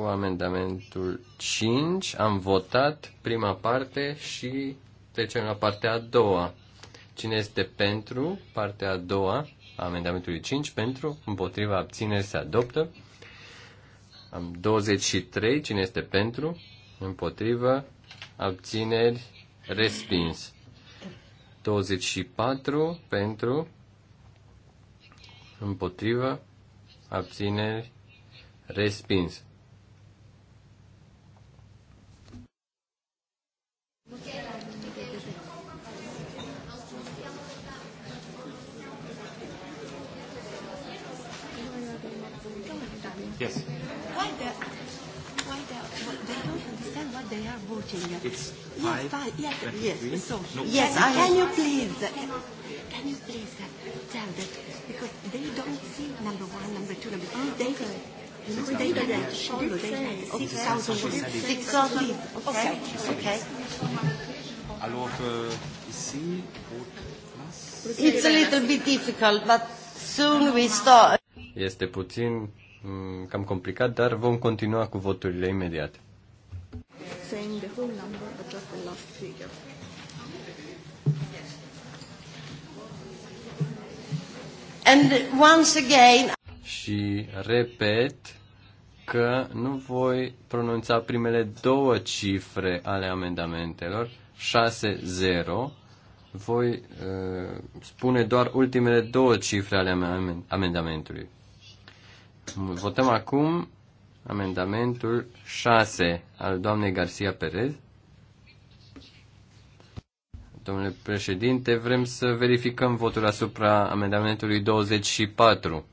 cu amendamentul 5. Am votat prima parte și trecem la partea a doua. Cine este pentru partea a doua a amendamentului 5? Pentru, împotriva, abține, se adoptă. Am 23. Cine este pentru? Împotrivă, abțineri, respins. 24 pentru, împotrivă, abțineri, respins. Yes. Why the, why the, they don't understand what they are voting. It's five, yes, five, yes, 23? yes. So, no. yes, can, I uh, can you please, can you please tell that, because they don't see number one, number two, number three. Okay. They, You they did that. Follow, they had 6,000 Okay. Okay. Alors, uh, ici, It's a little bit difficult, but soon we start. Este puțin Mm, cam complicat, dar vom continua cu voturile imediat. Saying the whole number, but just the last figure. And once again... Și repet că nu voi pronunța primele două cifre ale amendamentelor, 6-0, voi uh, spune doar ultimele două cifre ale amendamentului. Votăm acum amendamentul 6 al doamnei Garcia Perez. Domnule președinte, vrem să verificăm votul asupra amendamentului 24.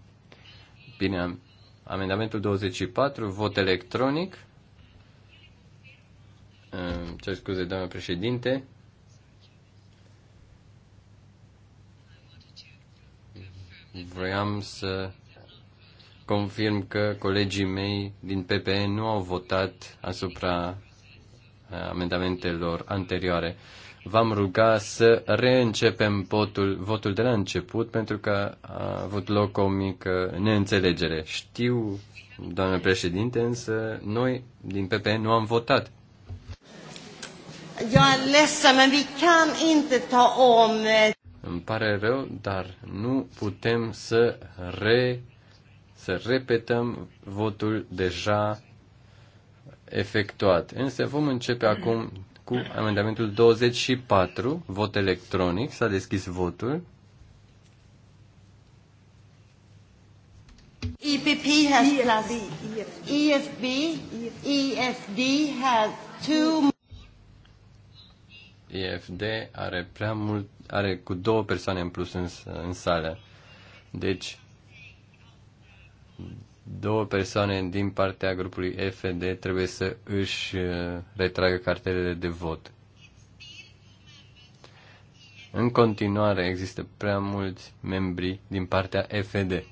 Bine, amendamentul 24, vot electronic. Ce scuze, doamnă președinte. Vreau să confirm că colegii mei din PPE nu au votat asupra uh, amendamentelor anterioare. V-am ruga să reîncepem votul, votul de la început pentru că a avut loc o mică neînțelegere. Știu, doamnă președinte, însă noi din PPE nu am votat. Jag är ledsen, ta om... Eh, Îmi pare rău, dar nu putem să re să repetăm votul deja efectuat. Însă vom începe acum cu amendamentul 24, vot electronic. S-a deschis votul. EPP has plus EFB, EFD has two EFD are prea mult, are cu două persoane în plus în, în sală. Deci două persoane din partea grupului FD trebuie să își uh, retragă cartelele de vot. În continuare există prea mulți membri din partea FD.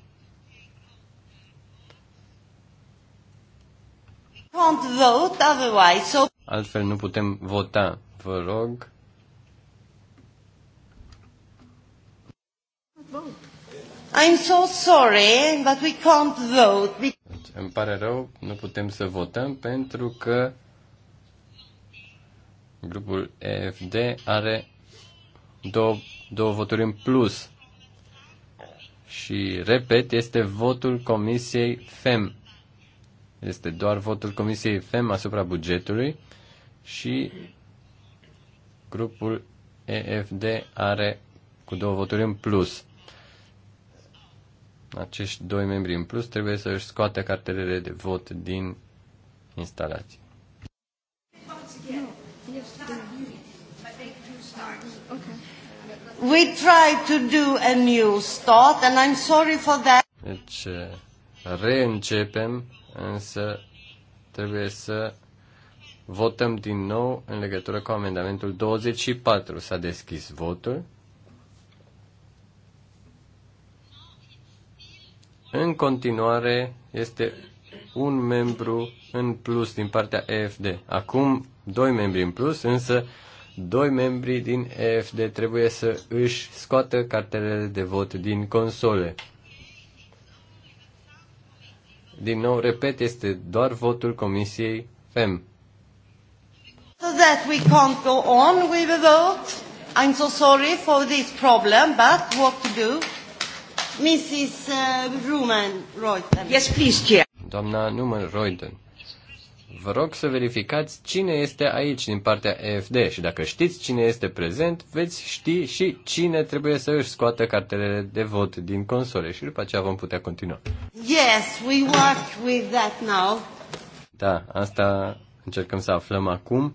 Altfel nu putem vota. Vă rog. Vote. I'm so sorry, but we can't vote. Îmi pare rău, nu putem să votăm pentru că grupul EFD are două, două voturi în plus. Și, repet, este votul Comisiei FEM. Este doar votul Comisiei FEM asupra bugetului și grupul EFD are cu două voturi în plus acești doi membri în plus trebuie să își scoate cartelele de vot din instalație. We try to do a new start and I'm sorry for that. Deci reîncepem, însă trebuie să votăm din nou în legătură cu amendamentul 24. S-a deschis votul. în continuare este un membru în plus din partea EFD. Acum doi membri în plus, însă doi membri din EFD trebuie să își scoată cartelele de vot din console. Din nou, repet, este doar votul Comisiei FEM. So that we can't go on with the vote. I'm so sorry for this problem, but what to do? Mrs. Eh, Ruman Reuten. Yes, please, Chair. Doamna Numan Royden, Vă rog să verificați cine este aici din partea EFD și dacă știți cine este prezent, veți ști și cine trebuie să își scoată cartelele de vot din console și după aceea vom putea continua. Yes, we work with that now. Da, asta încercăm să aflăm acum.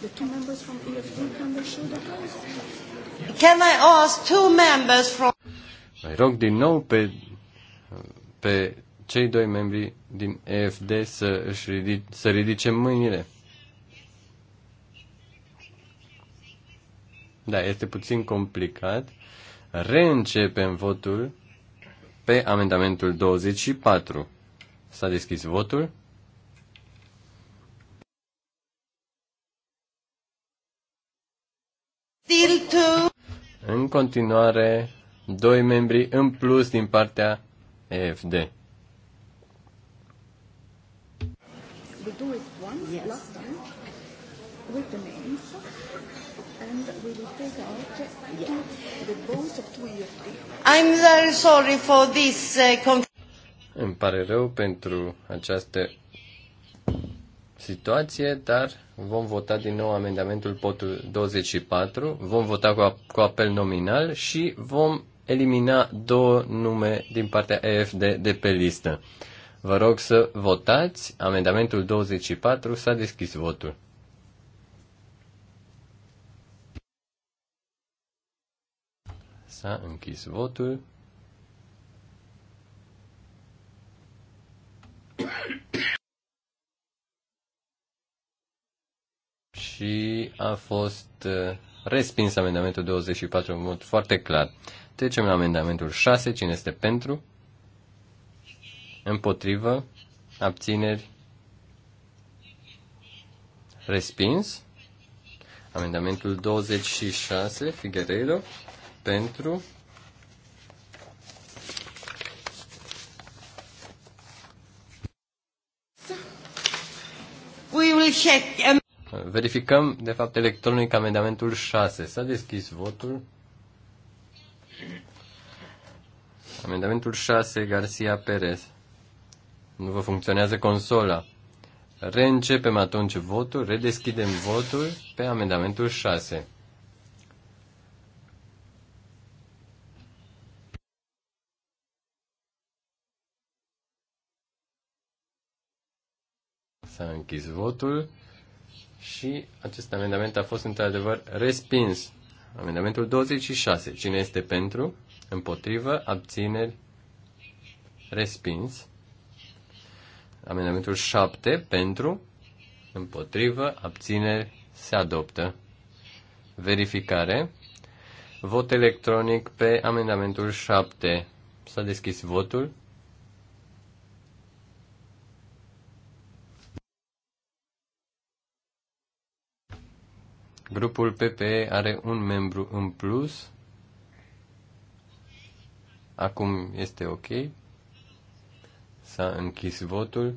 The two members from EFD can they show the Can I ask two members from... Mai rog din nou pe, pe cei doi membri din EFD să, își ridic, să ridice mâinile. Da, este puțin complicat. Reîncepem votul pe amendamentul 24. S-a deschis votul. În continuare, doi membri în plus din partea EFD. we do it once yes. last time with the names and we will take out yeah. the of two I'm very sorry for this uh, Îmi pare rău pentru această situație, dar vom vota din nou amendamentul 24, vom vota cu, cu apel nominal și vom elimina două nume din partea EFD de pe listă. Vă rog să votați. Amendamentul 24 s-a deschis votul. S-a închis votul. și a fost uh, respins amendamentul 24 în mod foarte clar. Trecem la amendamentul 6. Cine este pentru? Împotrivă? Abțineri? Respins? Amendamentul 26, Figueredo, pentru We will check. Um, Verificăm, de fapt, electronic amendamentul 6. S-a deschis votul. Amendamentul 6, Garcia Perez. Nu vă funcționează consola. Reîncepem atunci votul, redeschidem votul pe amendamentul 6. S-a închis votul și acest amendament a fost într-adevăr respins. Amendamentul 26. Cine este pentru? Împotrivă? Abțineri? Respins. Amendamentul 7. Pentru? Împotrivă? Abțineri? Se adoptă. Verificare. Vot electronic pe amendamentul 7. S-a deschis votul. Grupul PPE are un membru în plus. Acum este ok. S-a închis votul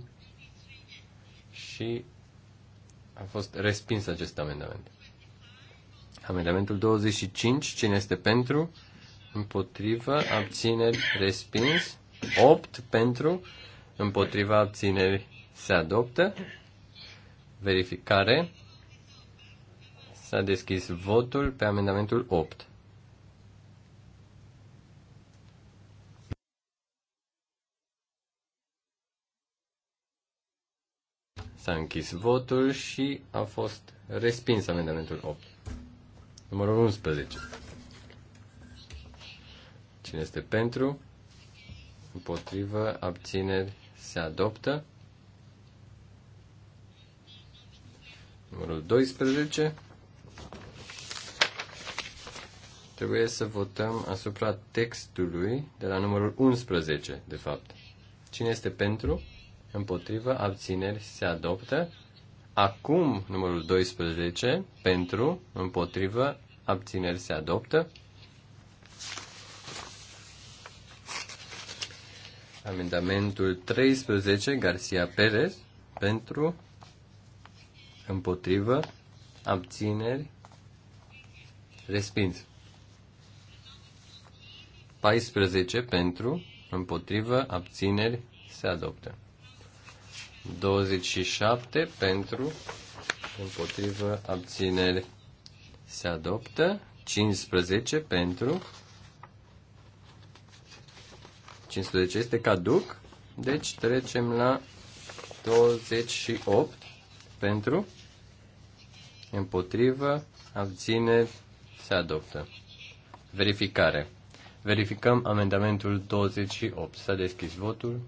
și a fost respins acest amendament. Amendamentul 25, cine este pentru? Împotrivă, abțineri, respins. 8 pentru, împotriva abțineri, se adoptă. Verificare. S-a deschis votul pe amendamentul 8. S-a închis votul și a fost respins amendamentul 8. Numărul 11. Cine este pentru? Împotrivă, abțineri, se adoptă. Numărul 12. Trebuie să votăm asupra textului de la numărul 11, de fapt. Cine este pentru? Împotrivă, abțineri, se adoptă. Acum, numărul 12, pentru, împotrivă, abțineri, se adoptă. Amendamentul 13, Garcia Perez, pentru, împotrivă, abțineri, respins. 14 pentru, împotrivă, abțineri, se adoptă. 27 pentru, împotrivă, abțineri, se adoptă. 15 pentru, 15 este caduc, deci trecem la 28 pentru, împotrivă, abțineri, se adoptă. Verificare. Verificăm amendamentul 28. S-a deschis votul.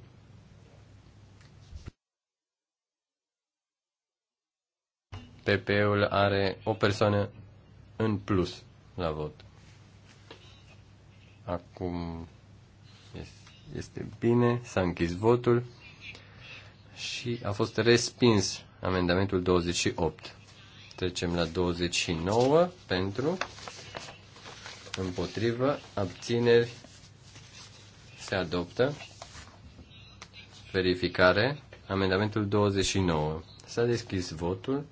PP-ul are o persoană în plus la vot. Acum este bine, s-a închis votul și a fost respins amendamentul 28. Trecem la 29 pentru împotrivă, abțineri, se adoptă. Verificare, amendamentul 29. S-a deschis votul.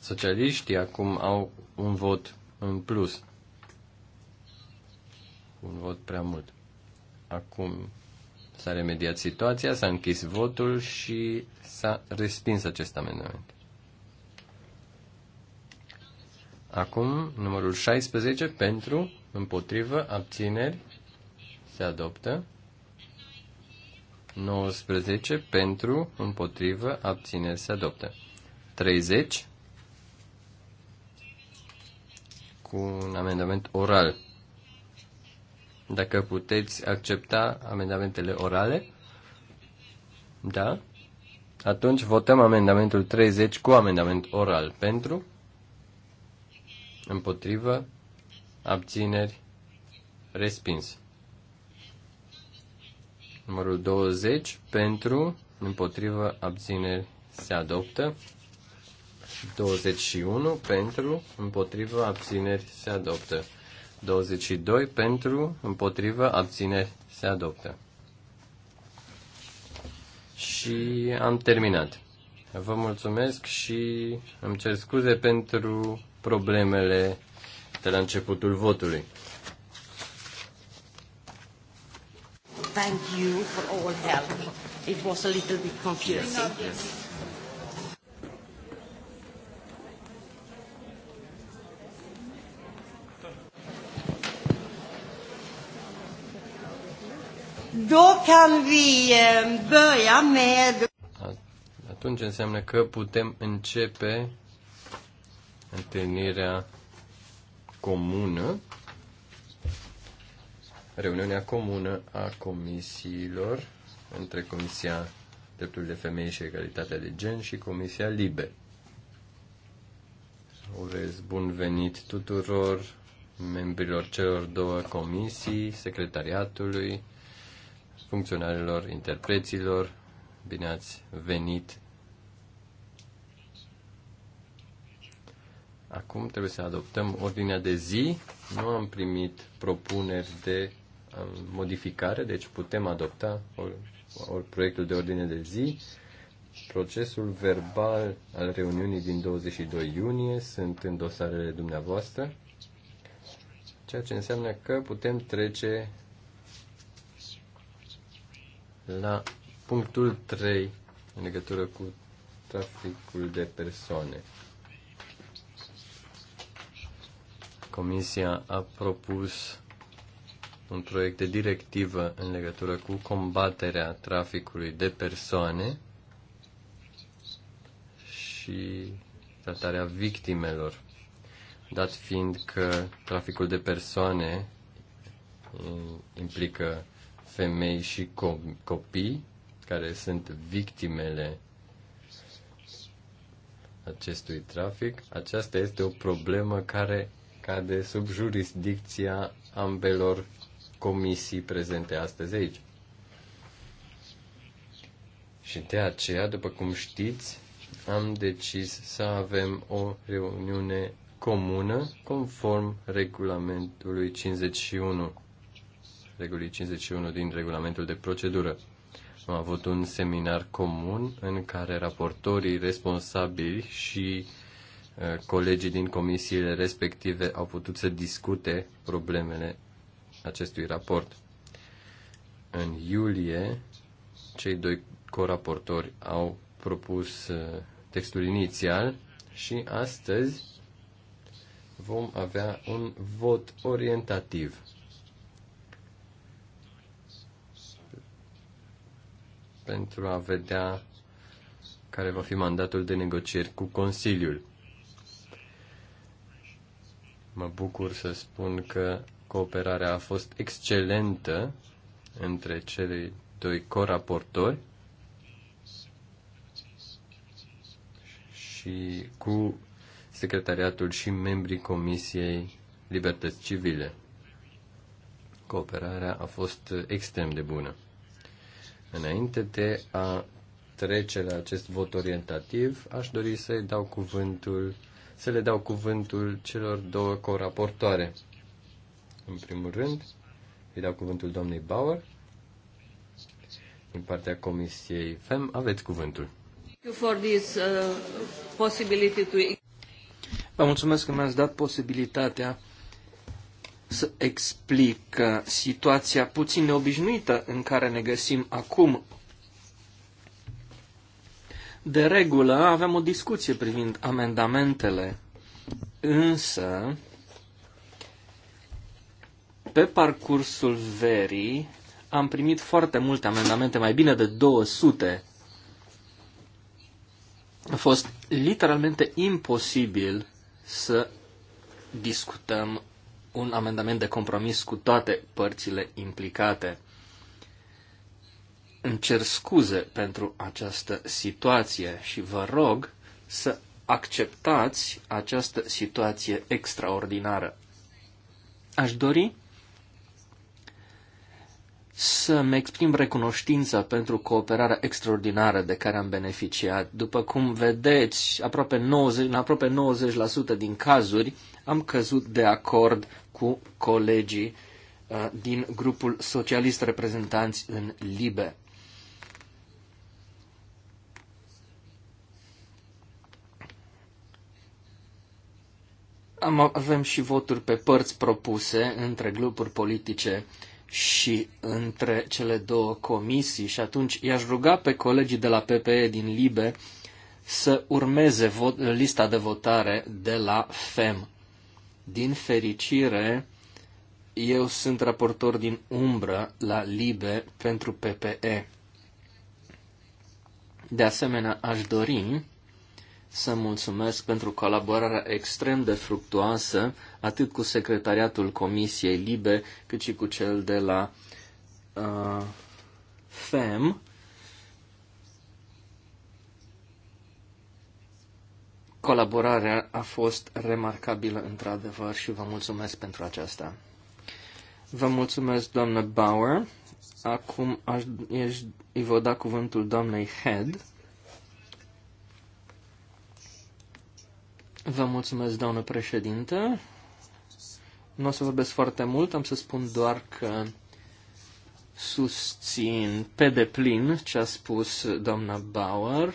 Socialiștii acum au un vot în plus. Un vot prea mult. Acum S-a remediat situația, s-a închis votul și s-a respins acest amendament. Acum, numărul 16 pentru, împotrivă, abțineri, se adoptă. 19 pentru, împotrivă, abțineri, se adoptă. 30 cu un amendament oral dacă puteți accepta amendamentele orale? Da? Atunci votăm amendamentul 30 cu amendament oral. Pentru? Împotrivă? Abțineri? Respins. Numărul 20. Pentru? Împotrivă? Abțineri? Se adoptă. 21. Pentru? Împotrivă? Abțineri? Se adoptă. 22 pentru, împotrivă, abțineri se adoptă. Și am terminat. Vă mulțumesc și îmi cer scuze pentru problemele de la începutul votului. Thank you for all help. It was a little bit confusing. Yes. Då kan vi eh, börja med... Atunci înseamnă că putem începe întâlnirea comună, reuniunea comună a comisiilor între Comisia Drepturile Femei și Egalitatea de Gen și Comisia Libe. Urez bun venit tuturor membrilor celor două comisii, secretariatului, funcționarilor, interpreților. Bine ați venit! Acum trebuie să adoptăm ordinea de zi. Nu am primit propuneri de um, modificare, deci putem adopta or, or proiectul de ordine de zi. Procesul verbal al reuniunii din 22 iunie sunt în dosarele dumneavoastră, ceea ce înseamnă că putem trece la punctul 3 în legătură cu traficul de persoane. Comisia a propus un proiect de directivă în legătură cu combaterea traficului de persoane și tratarea victimelor, dat fiind că traficul de persoane uh, implică femei și co- copii care sunt victimele acestui trafic. Aceasta este o problemă care cade sub jurisdicția ambelor comisii prezente astăzi aici. Și de aceea, după cum știți, am decis să avem o reuniune comună conform regulamentului 51 regulii 51 din regulamentul de procedură. Am avut un seminar comun în care raportorii responsabili și uh, colegii din comisiile respective au putut să discute problemele acestui raport. În iulie, cei doi coraportori au propus uh, textul inițial și astăzi vom avea un vot orientativ pentru a vedea care va fi mandatul de negocieri cu Consiliul. Mă bucur să spun că cooperarea a fost excelentă între cei doi coraportori și cu secretariatul și membrii Comisiei Libertăți Civile. Cooperarea a fost extrem de bună. Înainte de a trece la acest vot orientativ, aș dori să dau cuvântul, să le dau cuvântul celor două coraportoare. În primul rând, îi dau cuvântul doamnei Bauer. Din partea Comisiei FEM, aveți cuvântul. Uh, Vă mulțumesc că mi-ați dat posibilitatea să explic uh, situația puțin neobișnuită în care ne găsim acum. De regulă avem o discuție privind amendamentele, însă pe parcursul verii am primit foarte multe amendamente, mai bine de 200. A fost literalmente imposibil să discutăm un amendament de compromis cu toate părțile implicate. Îmi cer scuze pentru această situație și vă rog să acceptați această situație extraordinară. Aș dori să-mi exprim recunoștința pentru cooperarea extraordinară de care am beneficiat. După cum vedeți, aproape 90, în aproape 90% din cazuri am căzut de acord cu colegii uh, din grupul socialist reprezentanți în Libe. Am, avem și voturi pe părți propuse între grupuri politice și între cele două comisii și atunci i-aș ruga pe colegii de la PPE din Libe să urmeze vot, lista de votare de la FEM. Din fericire, eu sunt raportor din umbră la LIBE pentru PPE. De asemenea, aș dori să mulțumesc pentru colaborarea extrem de fructuoasă, atât cu secretariatul Comisiei Libe, cât și cu cel de la uh, FEM. Colaborarea a fost remarcabilă într-adevăr și vă mulțumesc pentru aceasta. Vă mulțumesc, doamnă Bauer. Acum aș, ești, îi vă da cuvântul doamnei Head. Vă mulțumesc, doamnă președinte. Nu o să vorbesc foarte mult, am să spun doar că susțin pe deplin ce a spus doamna Bauer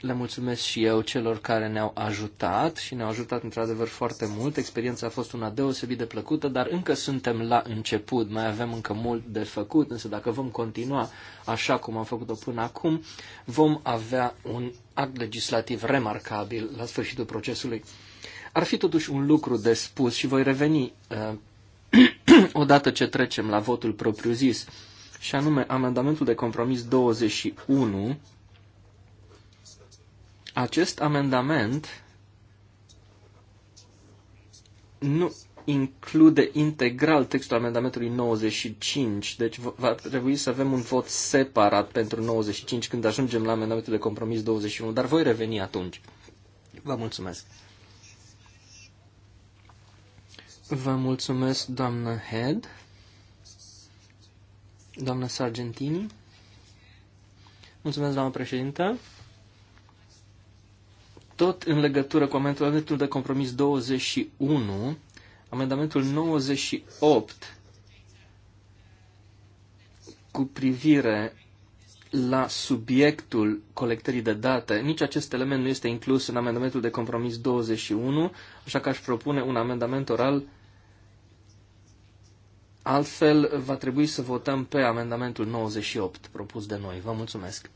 le mulțumesc și eu celor care ne-au ajutat și ne-au ajutat într-adevăr foarte mult. Experiența a fost una deosebit de plăcută, dar încă suntem la început, mai avem încă mult de făcut, însă dacă vom continua așa cum am făcut-o până acum, vom avea un act legislativ remarcabil la sfârșitul procesului. Ar fi totuși un lucru de spus și voi reveni uh, odată ce trecem la votul propriu-zis, și anume amendamentul de compromis 21 acest amendament nu include integral textul amendamentului 95, deci va trebui să avem un vot separat pentru 95 când ajungem la amendamentul de compromis 21, dar voi reveni atunci. Vă mulțumesc. Vă mulțumesc, doamnă Head, doamnă Sargentini. Mulțumesc, doamnă președintă. Tot în legătură cu amendamentul de compromis 21, amendamentul 98 cu privire la subiectul colectării de date, nici acest element nu este inclus în amendamentul de compromis 21, așa că aș propune un amendament oral. Altfel, va trebui să votăm pe amendamentul 98 propus de noi. Vă mulțumesc.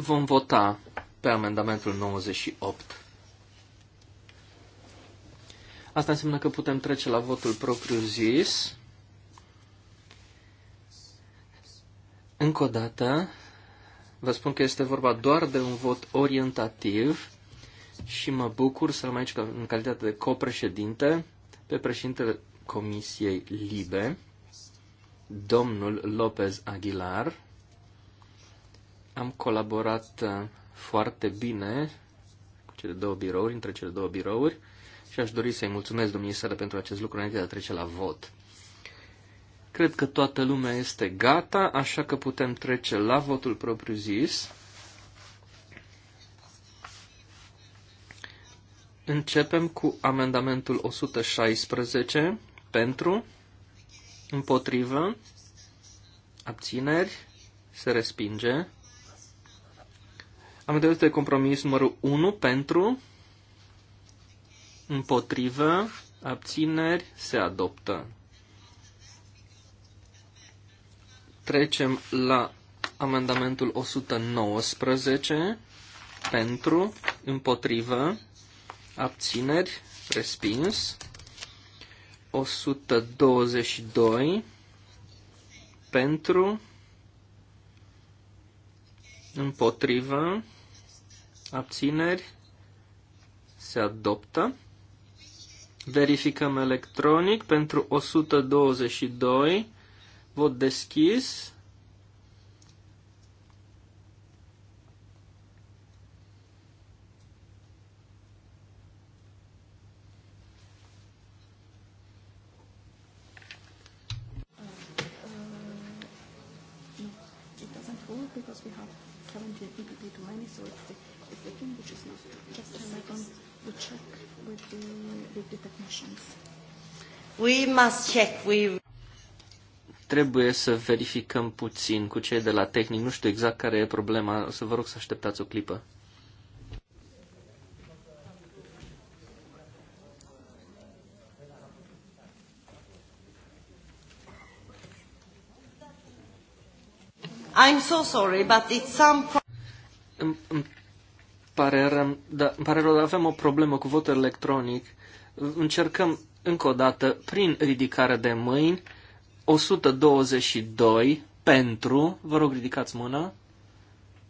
Vom vota pe amendamentul 98. Asta înseamnă că putem trece la votul propriu-zis. Încă o dată, vă spun că este vorba doar de un vot orientativ și mă bucur să am aici în calitate de copreședinte pe președintele Comisiei Libe, domnul Lopez Aguilar, am colaborat uh, foarte bine cu cele două birouri, între cele două birouri și aș dori să-i mulțumesc domnului pentru acest lucru înainte de a trece la vot. Cred că toată lumea este gata, așa că putem trece la votul propriu-zis. Începem cu amendamentul 116 pentru, împotrivă, abțineri, se respinge. Amendamentul de compromis numărul 1 pentru, împotrivă, abțineri, se adoptă. Trecem la amendamentul 119 pentru, împotrivă, abțineri, respins. 122 pentru, împotrivă, abțineri, se adoptă. Verificăm electronic pentru 122, vot deschis. because we have 17 EPP many, so it's the which is not. Just we check with the, with the technicians. We must check. We... Trebuie să verificăm puțin cu cei de la tehnic. Nu știu exact care e problema. O să vă rog să așteptați o clipă. I'm so sorry, but it's some pare, răm, da, îmi pare rău, dar avem o problemă cu votul electronic. Încercăm încă o dată, prin ridicare de mâini, 122 pentru, vă rog ridicați mâna,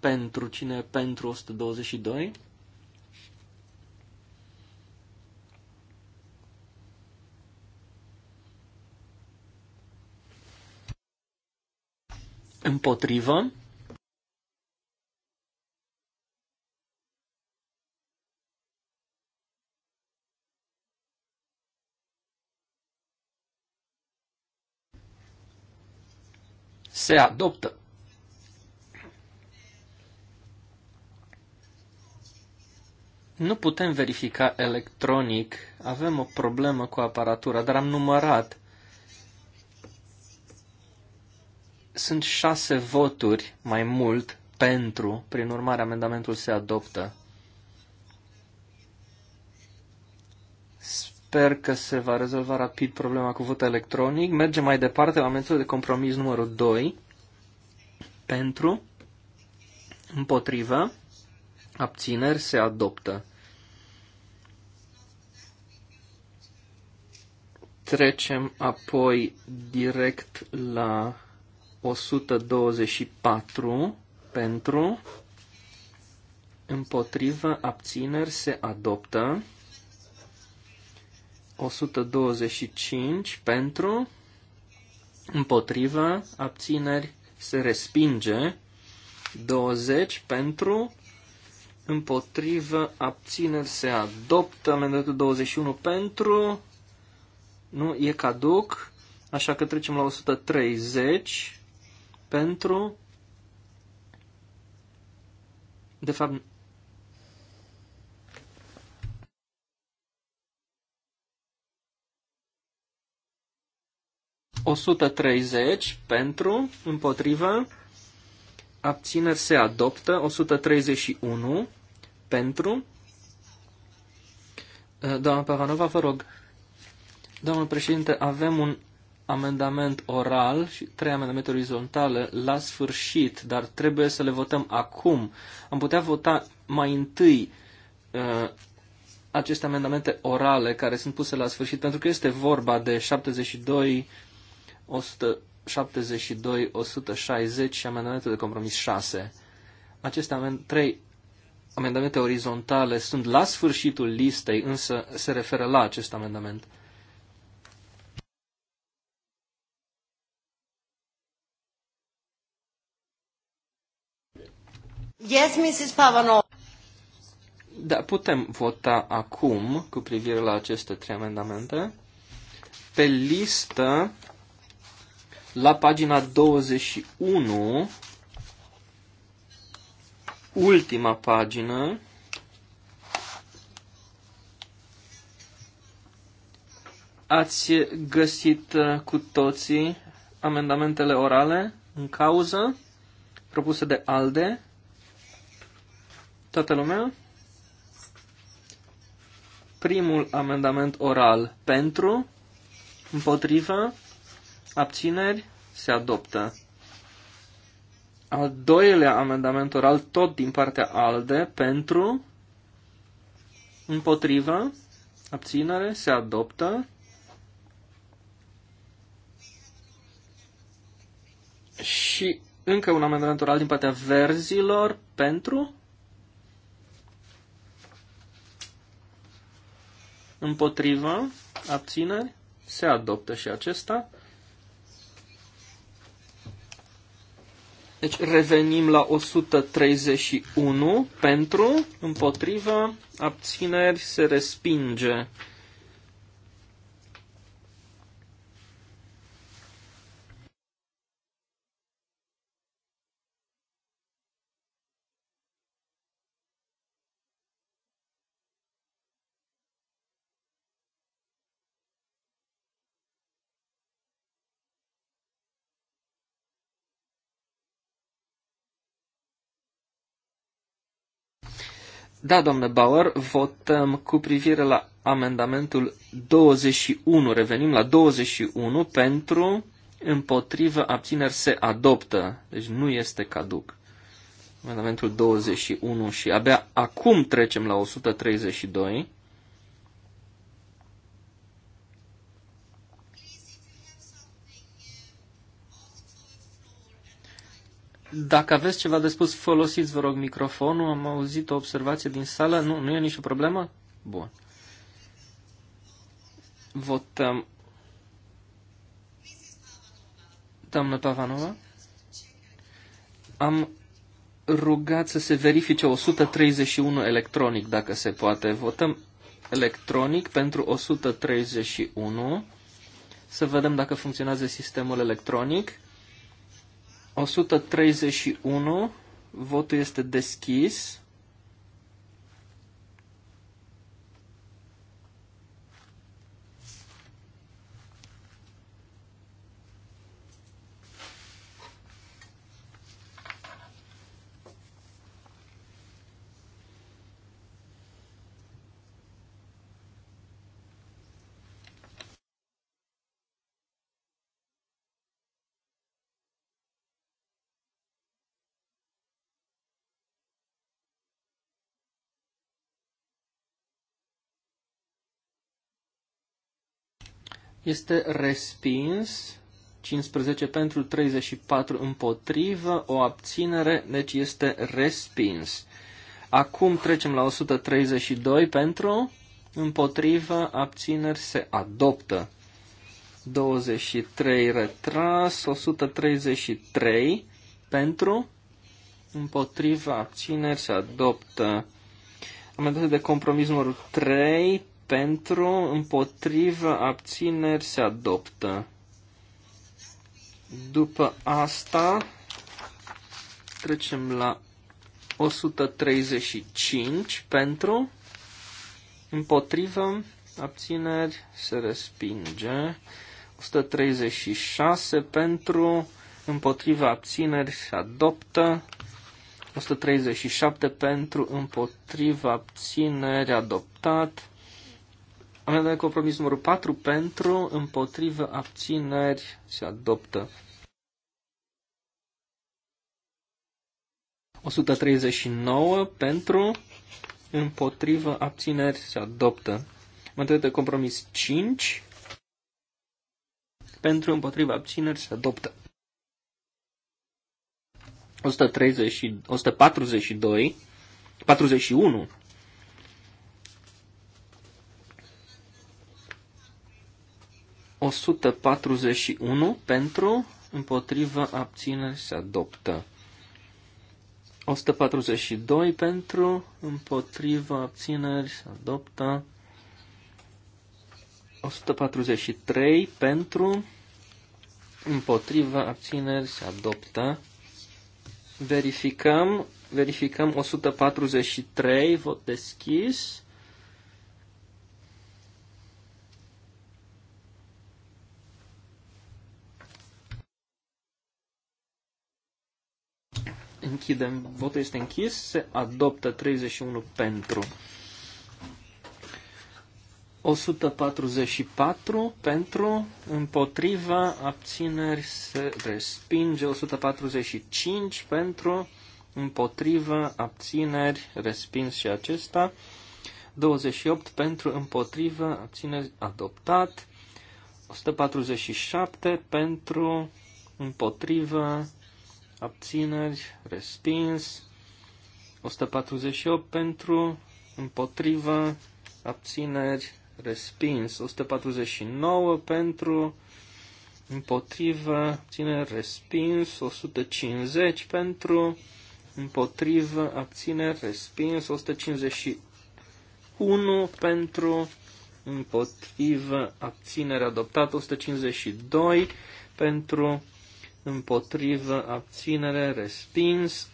pentru cine pentru 122. Împotrivă. se adoptă. Nu putem verifica electronic, avem o problemă cu aparatura, dar am numărat. Sunt șase voturi mai mult pentru, prin urmare amendamentul se adoptă. Sper că se va rezolva rapid problema cu vot electronic. Mergem mai departe la amendamentul de compromis numărul 2. Pentru, împotrivă, abțineri se adoptă. Trecem apoi direct la 124 pentru, împotrivă, abțineri se adoptă. 125 pentru, împotriva, abțineri, se respinge. 20 pentru, împotrivă, abțineri, se adoptă. Amendamentul 21 pentru, nu, e caduc. Așa că trecem la 130 pentru, de fapt, 130 pentru, împotrivă, abțineri se adoptă, 131 pentru. Uh, doamna Pavanova, vă rog. Domnul președinte, avem un amendament oral și trei amendamente orizontale la sfârșit, dar trebuie să le votăm acum. Am putea vota mai întâi uh, aceste amendamente orale care sunt puse la sfârșit, pentru că este vorba de 72, 172, 160 și amendamentul de compromis 6. Aceste amend- trei amendamente orizontale sunt la sfârșitul listei, însă se referă la acest amendament. Yes, Mrs. Pavanov. Da, putem vota acum cu privire la aceste trei amendamente. Pe listă la pagina 21, ultima pagină, ați găsit uh, cu toții amendamentele orale în cauză propuse de ALDE. Toată lumea? Primul amendament oral pentru, împotrivă, abțineri, se adoptă. Al doilea amendament oral, tot din partea ALDE, pentru, împotrivă, abținere, se adoptă. Și încă un amendament oral din partea verzilor, pentru, împotrivă, abținere se adoptă și acesta. Deci revenim la 131 pentru, împotrivă, abțineri se respinge. Da, domnule Bauer, votăm cu privire la amendamentul 21. Revenim la 21 pentru împotrivă abțineri se adoptă. Deci nu este caduc. Amendamentul 21 și abia acum trecem la 132. Dacă aveți ceva de spus, folosiți, vă rog, microfonul. Am auzit o observație din sală. Nu, nu e nicio problemă? Bun. Votăm. Doamnă Pavanova? Am rugat să se verifice 131 electronic, dacă se poate. Votăm electronic pentru 131. Să vedem dacă funcționează sistemul electronic. 131. Votul este deschis. Este respins. 15 pentru 34 împotrivă, o abținere, deci este respins. Acum trecem la 132 pentru, împotrivă, abțineri se adoptă. 23 retras, 133 pentru, împotrivă, abțineri se adoptă. Amendate de compromis numărul 3 pentru, împotrivă, abțineri se adoptă. După asta trecem la 135 pentru, împotrivă, abțineri se respinge. 136 pentru, împotriva abțineri se adoptă. 137 pentru, împotriva abțineri adoptat. Amendamentul de compromis numărul 4 pentru, împotrivă, abțineri, se adoptă. 139 pentru, împotrivă, abțineri, se adoptă. Amendamentul de compromis 5 pentru, împotrivă, abțineri, se adoptă. 130, 142, 41 141 pentru, împotrivă, abțineri se adoptă. 142 pentru, împotrivă, abțineri se adoptă. 143 pentru, împotrivă, abțineri se adoptă. Verificăm, verificăm 143, vot deschis. Închidem. Votul este închis. Se adoptă 31 pentru. 144 pentru, împotriva, abțineri, se respinge. 145 pentru, împotriva, abțineri, respins și acesta. 28 pentru, împotriva, abțineri, adoptat. 147 pentru, împotriva, abțineri, respins. 148 pentru, împotrivă, abțineri, respins. 149 pentru, împotrivă, abțineri, respins. 150 pentru, împotrivă, abțineri, respins. 151 pentru, împotrivă, abțineri, adoptat, 152 pentru, împotrivă, abținere, respins.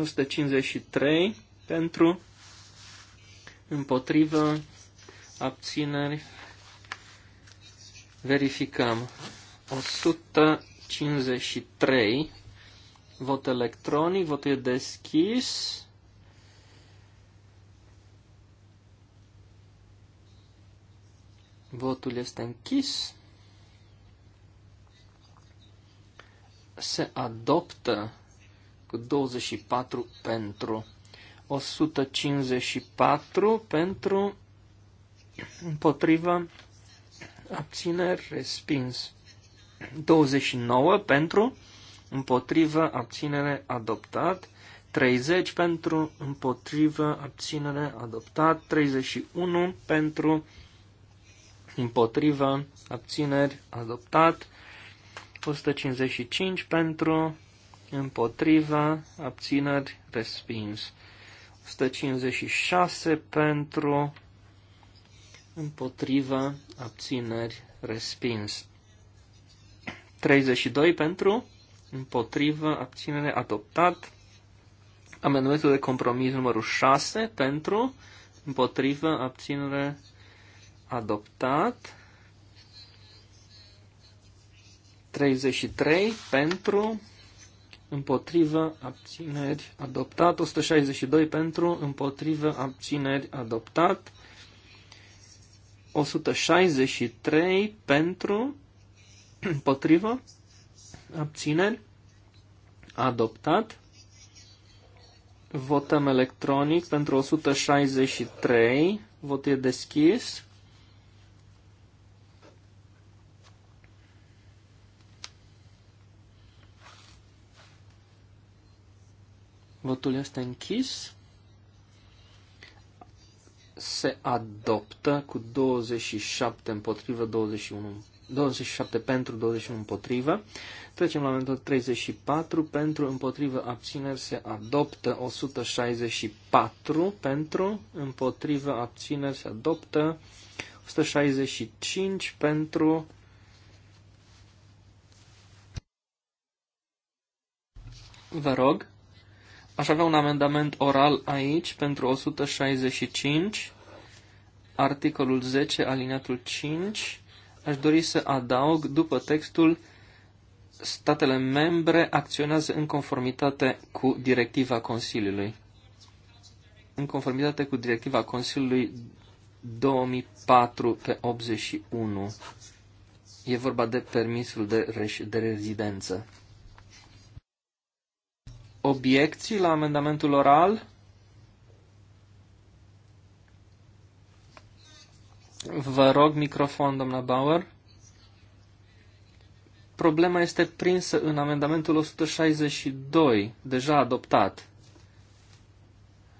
153 pentru, împotrivă, abțineri. Verificăm. 153 vot electronic, votul e deschis. Votul este închis. se adoptă cu 24 pentru, 154 pentru, împotriva abțineri, respins, 29 pentru, împotriva abținere, adoptat, 30 pentru, împotriva abținere, adoptat, 31 pentru, împotriva abțineri, adoptat, 155 pentru, împotriva, abțineri, respins. 156 pentru, împotriva, abțineri, respins. 32 pentru, împotriva, abținere, adoptat. Amendamentul de compromis numărul 6 pentru, împotriva, abținere, adoptat. 33 pentru, împotrivă, abțineri, adoptat. 162 pentru, împotrivă, abțineri, adoptat. 163 pentru, împotrivă, abțineri, adoptat. Votăm electronic pentru 163. Vot e deschis. Votul este închis. Se adoptă cu 27 împotrivă, 21, 27 pentru, 21 împotrivă. Trecem la amendul 34. Pentru, împotrivă, abțineri se adoptă 164. Pentru, împotrivă, abțineri se adoptă 165. Pentru, vă rog. Aș avea un amendament oral aici pentru 165, articolul 10, aliniatul 5. Aș dori să adaug după textul statele membre acționează în conformitate cu directiva Consiliului. În conformitate cu directiva Consiliului 2004 pe 81. E vorba de permisul de, de rezidență obiecții la amendamentul oral? Vă rog microfon, doamna Bauer. Problema este prinsă în amendamentul 162, deja adoptat.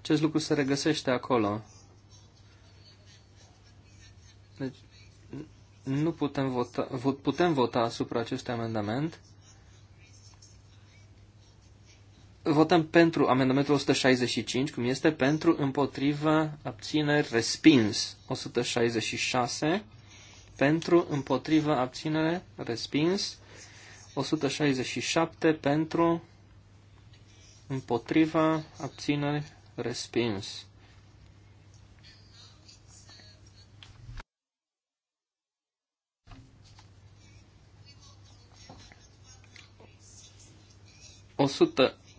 Acest lucru se regăsește acolo. Deci, nu putem vota, putem vota asupra acestui amendament. Votăm pentru amendamentul 165, cum este, pentru, împotrivă, abțineri, respins. 166, pentru, împotrivă, abținere, respins. 167, pentru, împotrivă, abțineri, respins. O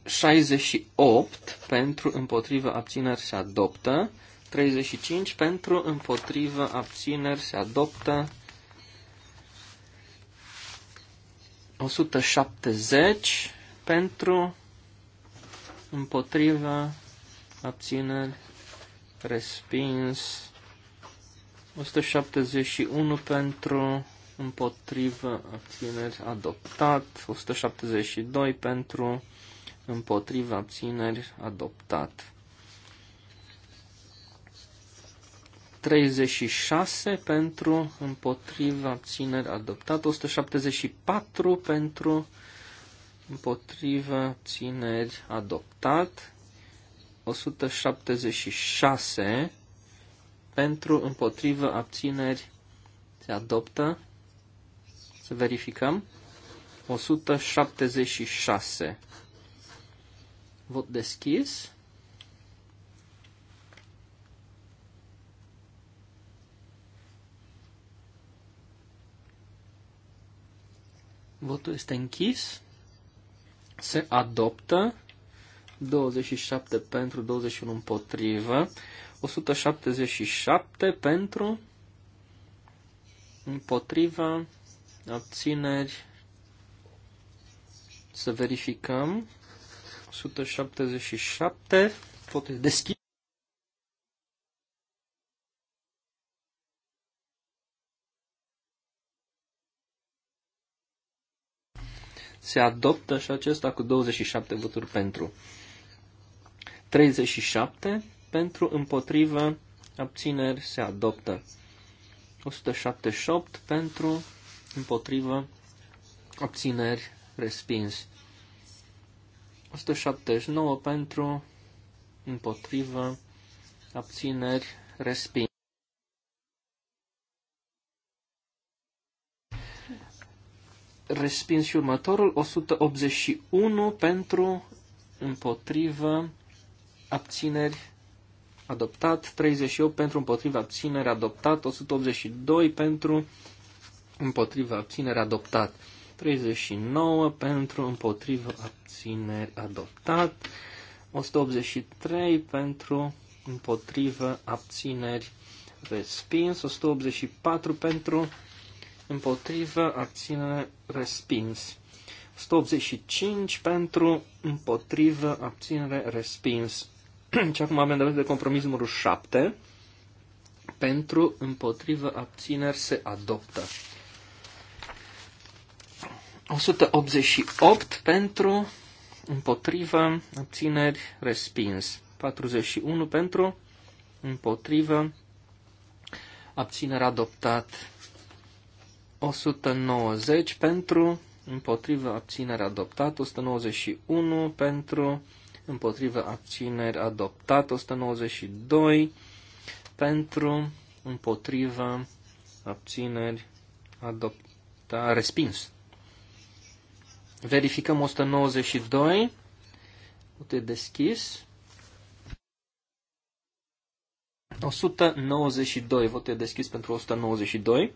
68 pentru împotrivă abțineri se adoptă. 35 pentru împotrivă abțineri se adoptă. 170 pentru împotrivă abțineri respins. 171 pentru împotrivă abțineri adoptat. 172 pentru împotriva abțineri adoptat. 36 pentru împotriva abțineri adoptat, 174 pentru împotriva abțineri adoptat, 176 pentru împotriva abțineri se adoptă. Să verificăm. 176. Vot deschis. Votul este închis. Se adoptă 27 pentru, 21 împotrivă, 177 pentru, împotriva, abțineri. Să verificăm. 177. Pot deschide. Se adoptă și acesta cu 27 voturi pentru. 37 pentru împotrivă abțineri se adoptă. 178 pentru împotrivă abțineri respins. 179 pentru, împotrivă, abțineri, respins. Respins și următorul, 181 pentru, împotrivă, abțineri, adoptat, 38 pentru, împotrivă, abțineri, adoptat, 182 pentru, împotrivă, abțineri, adoptat. 39 pentru împotrivă abțineri adoptat, 183 pentru împotrivă abțineri respins, 184 pentru împotrivă abținere respins, 185 pentru împotrivă abținere respins. Și acum amendamentul de compromis numărul 7 pentru împotrivă abțineri se adoptă. 188 pentru, împotrivă, abțineri, respins. 41 pentru, împotrivă, abțineri, adoptat. 190 pentru, împotrivă, abțineri, adoptat. 191 pentru, împotrivă, abțineri adoptat. 192 pentru, împotrivă, abțineri adoptat. Respins. Verificăm 192. Uite deschis. 192. Votul e deschis pentru 192.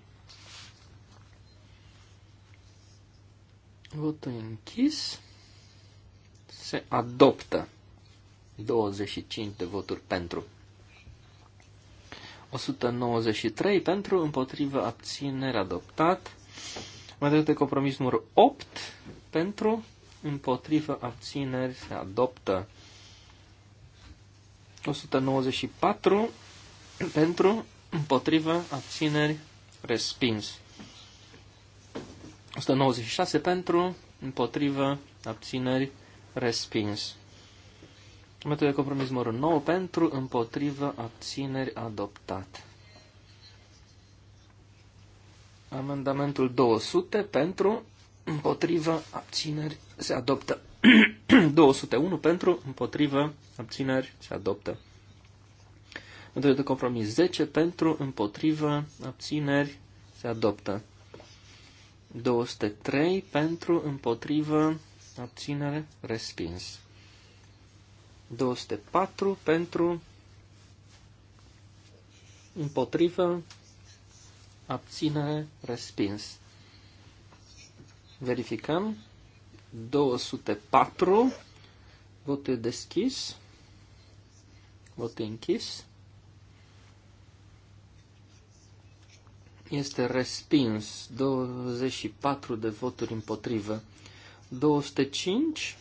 Votul închis. Se adoptă 25 de voturi pentru. 193 pentru, împotrivă, abținere, adoptat. Mă de compromis numărul 8 pentru, împotrivă, abțineri, se adoptă. 194 pentru, împotrivă, abțineri, respins. 196 pentru, împotrivă, abțineri, respins. metode de compromis numărul 9 pentru, împotrivă, abțineri, adoptat. Amendamentul 200 pentru, împotrivă, abțineri, se adoptă. 201 pentru, împotrivă, abțineri, se adoptă. Întotdeauna de compromis 10 pentru, împotrivă, abțineri, se adoptă. 203 pentru, împotrivă, abținere, respins. 204 pentru, împotrivă, abținere, respins. Verificăm. 204. Votul deschis. Votul închis. Este respins. 24 de voturi împotrivă. 205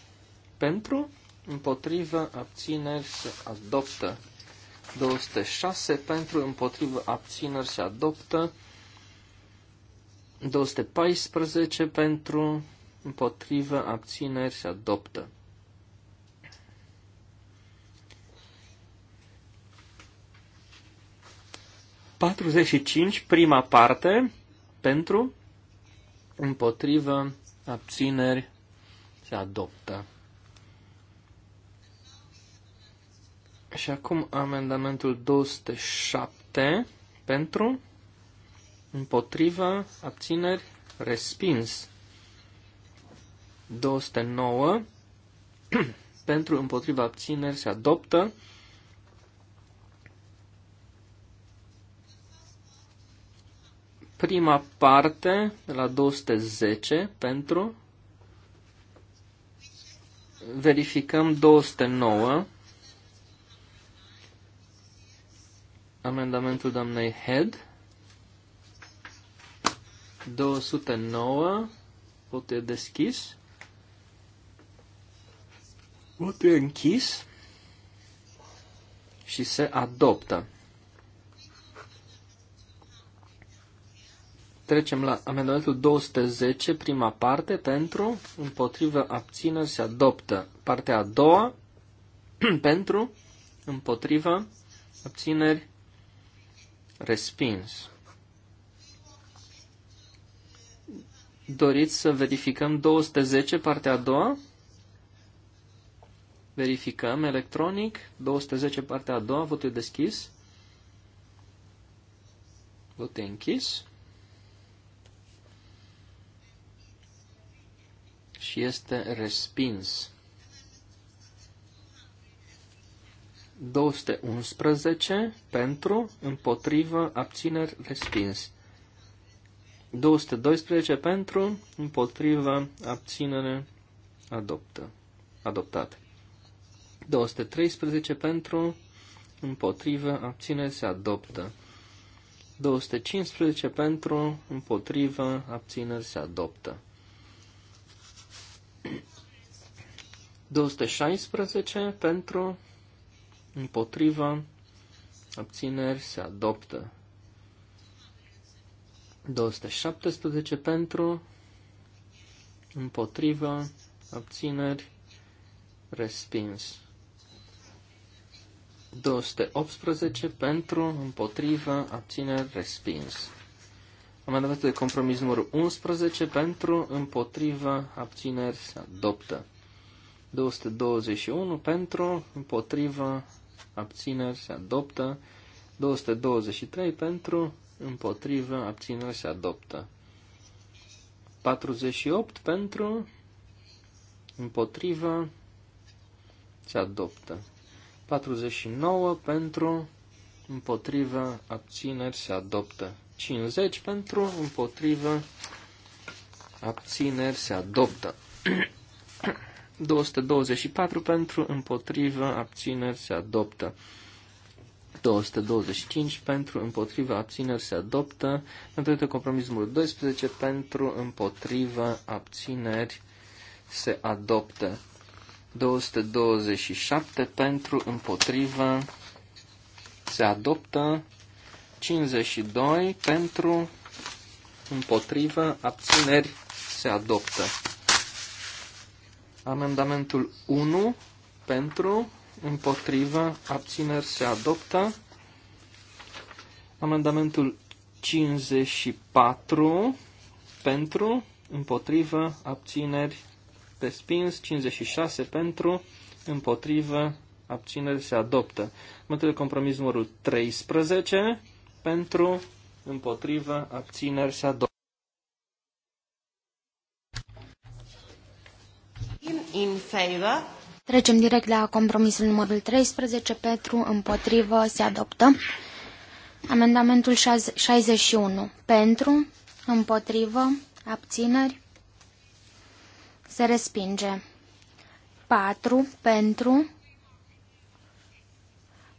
pentru, împotrivă, abțineri, se adoptă. 206 pentru, împotrivă, abțineri, se adoptă. 214 pentru, împotrivă, abțineri se adoptă. Patruzeci cinci, prima parte, pentru, împotrivă, abțineri se adoptă. Și acum amendamentul 207 pentru împotriva, abțineri, respins. 209 pentru împotriva abțineri se adoptă. Prima parte de la 210 pentru verificăm 209 amendamentul doamnei Head 209. Votul e deschis. Votul e închis și se adoptă. Trecem la amendamentul 210, prima parte, pentru, împotrivă, abțină, se adoptă. Partea a doua, pentru, împotrivă, abțineri, respins. Doriți să verificăm 210, partea a doua? Verificăm electronic. 210, partea a doua, votul deschis. Votul închis. Și este respins. 211 pentru, împotrivă, abțineri, respins. 212 pentru, împotriva abținere, adoptă, adoptat. 213 pentru, împotriva abținere, se adoptă. 215 pentru, împotriva abținere, se adoptă. 216 pentru, împotriva abțineri se adoptă. 217 pentru, împotrivă, abțineri, respins. 218 pentru, împotrivă, abțineri, respins. Amendamentul de compromis numărul 11 pentru, împotrivă, abțineri, se adoptă. 221 pentru, împotrivă, abțineri, se adoptă. 223 pentru, împotrivă, abțineri se adoptă. 48 pentru, împotrivă, se adoptă. 49 pentru, împotrivă, abțineri se adoptă. 50 pentru, împotrivă, abțineri se adoptă. 224 pentru, împotrivă, abțineri se adoptă. 225 pentru, împotriva, abțineri se adoptă. Întotdeauna compromis numărul 12 pentru, împotriva, abțineri se adoptă. 227 pentru, împotriva, se adoptă. 52 pentru, împotriva, abțineri se adoptă. Amendamentul 1 pentru, Împotrivă. abțineri se adoptă. Amendamentul 54 pentru, împotrivă, abțineri, respins, 56 pentru, împotrivă, abțineri se adoptă. de compromis numărul 13 pentru, împotrivă, abțineri se adoptă. In favor Trecem direct la compromisul numărul 13 pentru împotrivă se adoptă. Amendamentul 61 pentru împotrivă abțineri se respinge. 4 pentru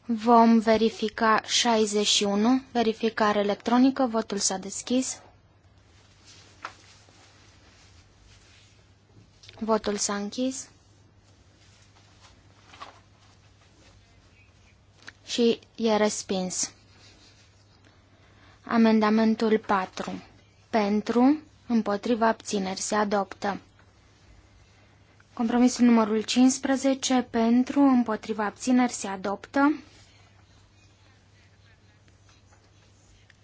vom verifica 61, verificare electronică, votul s-a deschis. Votul s-a închis. și e respins. Amendamentul 4. Pentru, împotriva abțineri, se adoptă. Compromisul numărul 15. Pentru, împotriva abțineri, se adoptă.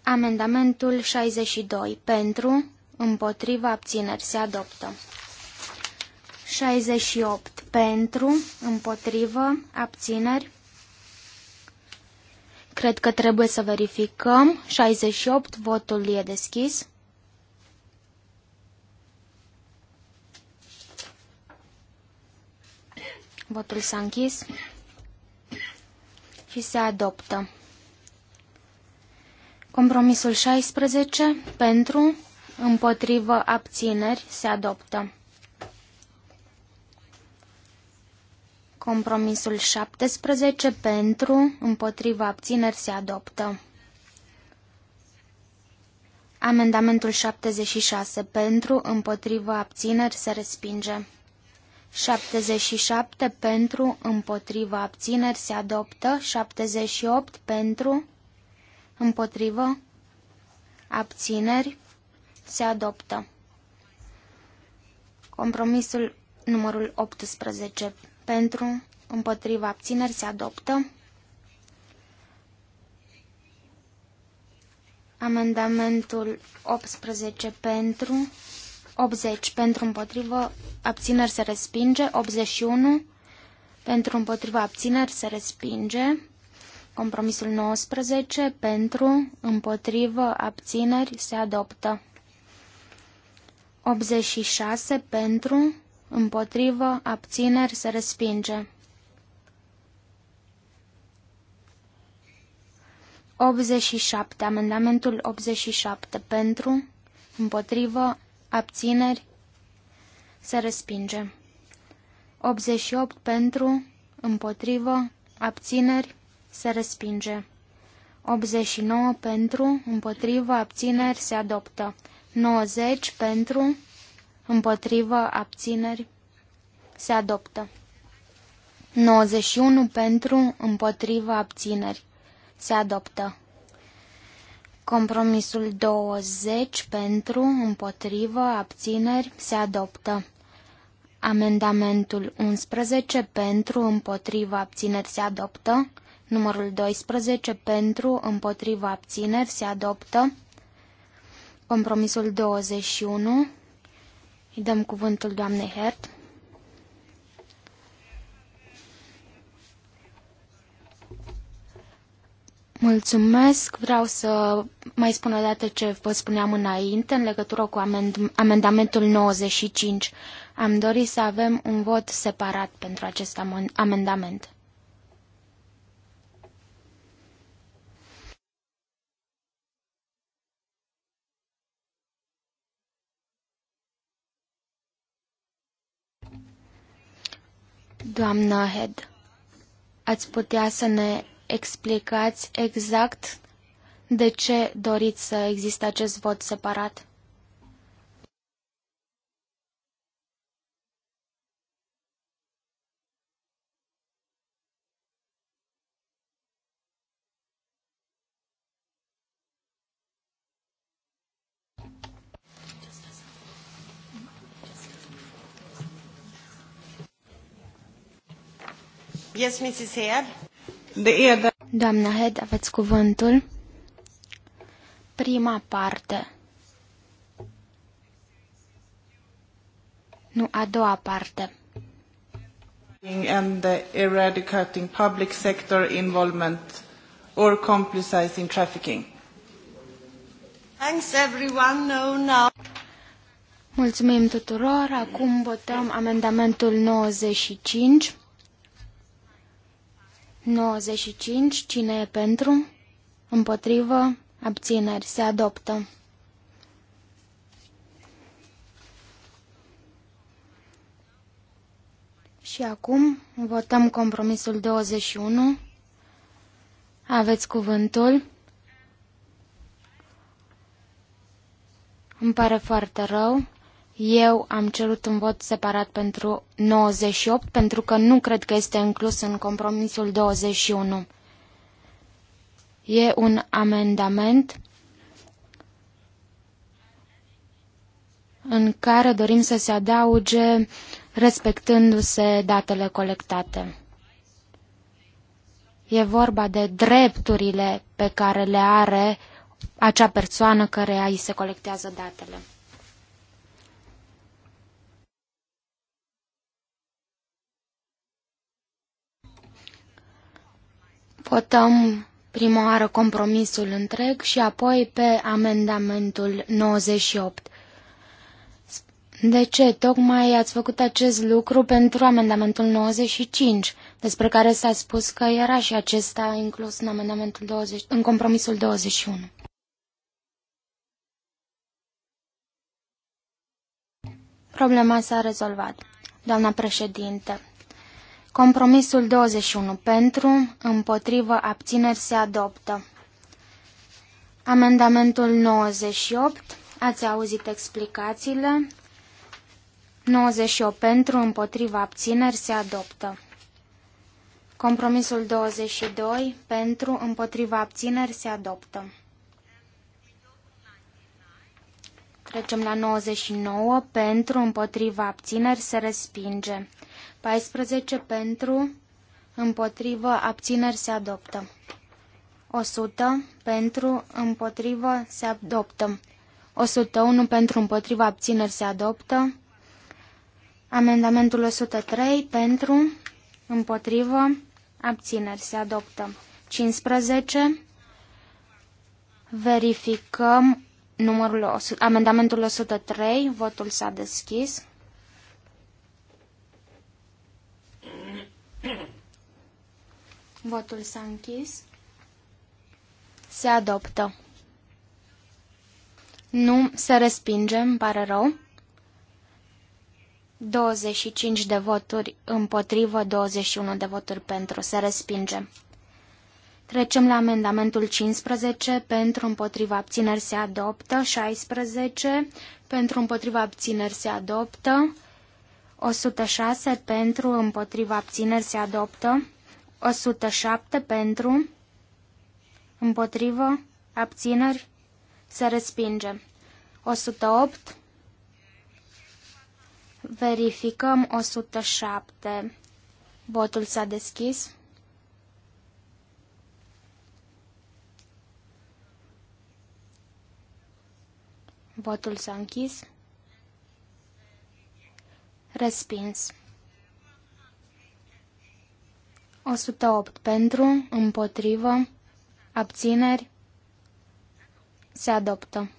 Amendamentul 62. Pentru, împotriva abțineri, se adoptă. 68. Pentru, împotrivă, abțineri, Cred că trebuie să verificăm. 68, votul e deschis. Votul s-a închis și se adoptă. Compromisul 16, pentru, împotrivă, abțineri, se adoptă. Compromisul 17 pentru, împotriva abțineri se adoptă. Amendamentul 76 pentru, împotriva abțineri se respinge. 77 pentru, împotriva abțineri se adoptă. 78 pentru, împotriva abțineri se adoptă. Compromisul numărul 18 pentru, împotriva abțineri se adoptă. Amendamentul 18 pentru, 80 pentru împotrivă, abțineri se respinge, 81 pentru împotriva abțineri se respinge, compromisul 19 pentru împotrivă abțineri se adoptă, 86 pentru împotrivă, abțineri, se respinge. 87, amendamentul 87, pentru, împotrivă, abțineri, se respinge. 88 pentru, împotrivă, abțineri, se respinge. 89 pentru, împotrivă, abțineri, se adoptă. 90 pentru, împotrivă, abțineri, se adoptă. 91 pentru, împotrivă, abțineri, se adoptă. Compromisul 20 pentru, împotrivă, abțineri, se adoptă. Amendamentul 11 pentru, împotrivă, abțineri, se adoptă. Numărul 12 pentru, împotrivă, abțineri, se adoptă. Compromisul 21 îi dăm cuvântul doamnei Hert. Mulțumesc. Vreau să mai spun o dată ce vă spuneam înainte în legătură cu amend amendamentul 95. Am dorit să avem un vot separat pentru acest amendament. Doamnă Head, ați putea să ne explicați exact de ce doriți să existe acest vot separat? Yes, Mrs. Head. The... Doamna Head, aveți cuvântul. Prima parte. Nu, a doua parte. And the eradicating public sector involvement or complicizing trafficking. Thanks everyone. No, no. Mulțumim tuturor. Acum votăm amendamentul 95. 95. Cine e pentru? Împotrivă? Abțineri. Se adoptă. Și acum votăm compromisul 21. Aveți cuvântul. Îmi pare foarte rău. Eu am cerut un vot separat pentru 98 pentru că nu cred că este inclus în compromisul 21. E un amendament în care dorim să se adauge respectându-se datele colectate. E vorba de drepturile pe care le are acea persoană care îi se colectează datele. Votăm prima oară compromisul întreg și apoi pe amendamentul 98. De ce? Tocmai ați făcut acest lucru pentru amendamentul 95, despre care s-a spus că era și acesta inclus în, amendamentul 20, în compromisul 21. Problema s-a rezolvat, doamna președinte. Compromisul 21 pentru, împotrivă, abțineri se adoptă. Amendamentul 98, ați auzit explicațiile. 98 pentru, împotriva abțineri se adoptă. Compromisul 22 pentru, împotriva abțineri se adoptă. Trecem la 99 pentru, împotriva abțineri se respinge. 14 pentru, împotrivă, abțineri se adoptă. 100 pentru, împotrivă, se adoptă. 101 pentru, împotrivă, abțineri se adoptă. Amendamentul 103 pentru, împotrivă, abțineri se adoptă. 15. Verificăm numărul, amendamentul 103, votul s-a deschis. Votul s-a închis. Se adoptă. Nu, se respinge, îmi pare rău. 25 de voturi împotrivă, 21 de voturi pentru. Se respinge. Trecem la amendamentul 15. Pentru împotriva abțineri se adoptă. 16. Pentru împotriva abțineri se adoptă. 106 pentru, împotriva abțineri se adoptă. 107 pentru, împotrivă, abțineri, se respinge. 108, verificăm 107. Votul s-a deschis. Votul s-a închis. Respins. 108 pentru, împotrivă, abțineri, se adoptă.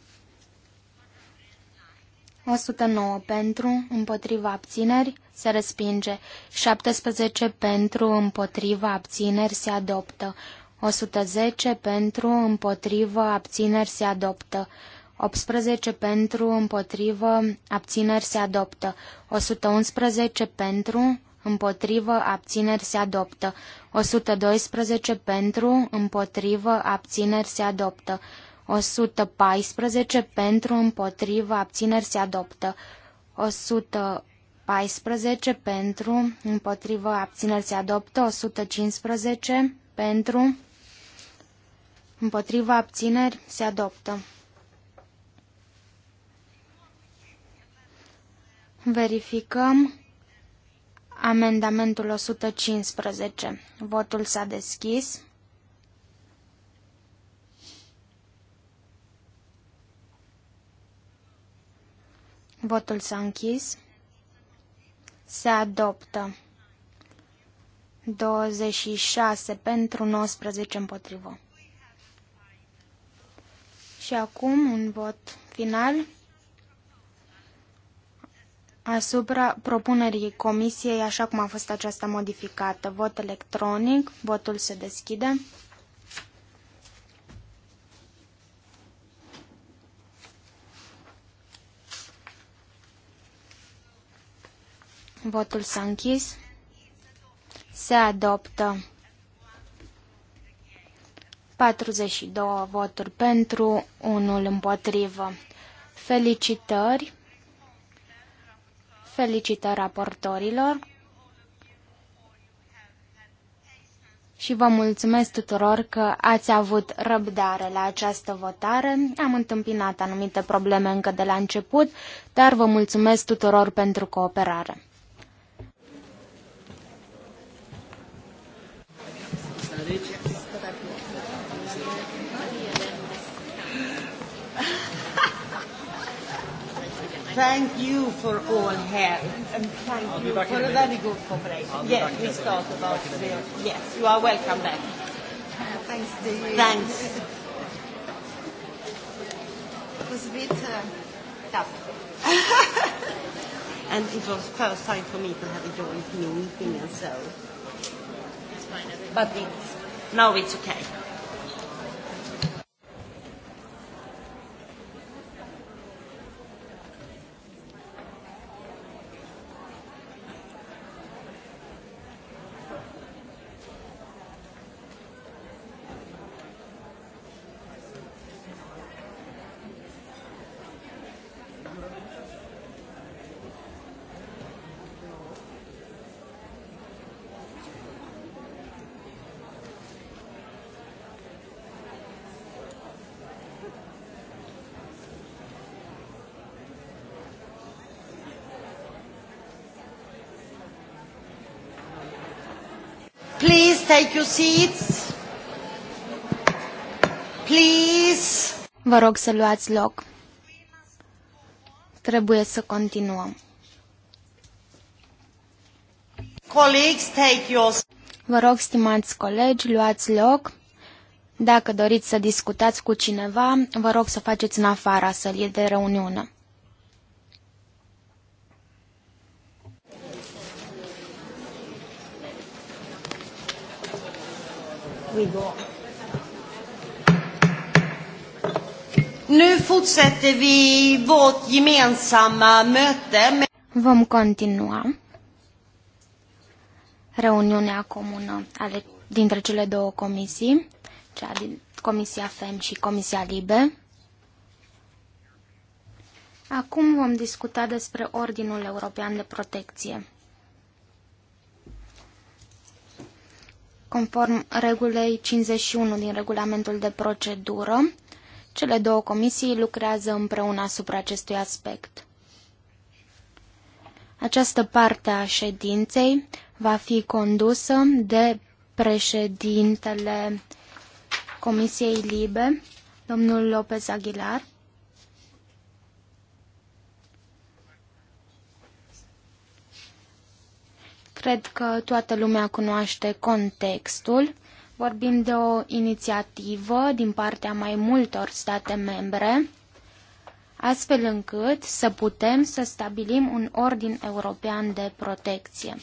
109 pentru, împotriva abțineri, se respinge. 17 pentru, împotriva abțineri, se adoptă. 110 pentru, împotriva abțineri, se adoptă. 18 pentru, împotrivă, abțineri se adoptă. 111 pentru, împotrivă, abțineri se adoptă. 112 pentru, împotrivă, abțineri se adoptă. 114 pentru, împotrivă, abțineri se adoptă. 114 pentru, împotrivă, abțineri se adoptă. 115 pentru, împotrivă, abțineri se adoptă. Verificăm amendamentul 115. Votul s-a deschis. Votul s-a închis. Se adoptă. 26 pentru 19 împotrivă. Și acum un vot final asupra propunerii comisiei așa cum a fost aceasta modificată. Vot electronic, votul se deschide. Votul s-a închis. Se adoptă 42 voturi pentru, unul împotrivă. Felicitări! felicită raportorilor și vă mulțumesc tuturor că ați avut răbdare la această votare. Am întâmpinat anumite probleme încă de la început, dar vă mulțumesc tuturor pentru cooperare. thank you for all help and thank you for a, a very good cooperation. Yes, we thought about the. Yes, you are welcome back. Uh, thanks, you. Thanks. it was a bit uh, tough. and it was first time for me to have a joint meeting and so. but it's, now it's okay. take your seats. Please. Vă rog să luați loc. Trebuie să continuăm. Colleagues, take your... Vă rog, stimați colegi, luați loc. Dacă doriți să discutați cu cineva, vă rog să faceți în afara sălii de reuniune. Nu fortsätter vi vårt gemensamma möte. Med... Vom continua reuniunea comună ale, dintre cele două comisii, cea din Comisia FEM și Comisia LIBE. Acum vom discuta despre Ordinul European de Protecție. Conform regulei 51 din regulamentul de procedură, cele două comisii lucrează împreună asupra acestui aspect. Această parte a ședinței va fi condusă de președintele Comisiei Libe, domnul López Aguilar. Cred că toată lumea cunoaște contextul. Vorbim de o inițiativă din partea mai multor state membre, astfel încât să putem să stabilim un ordin european de protecție.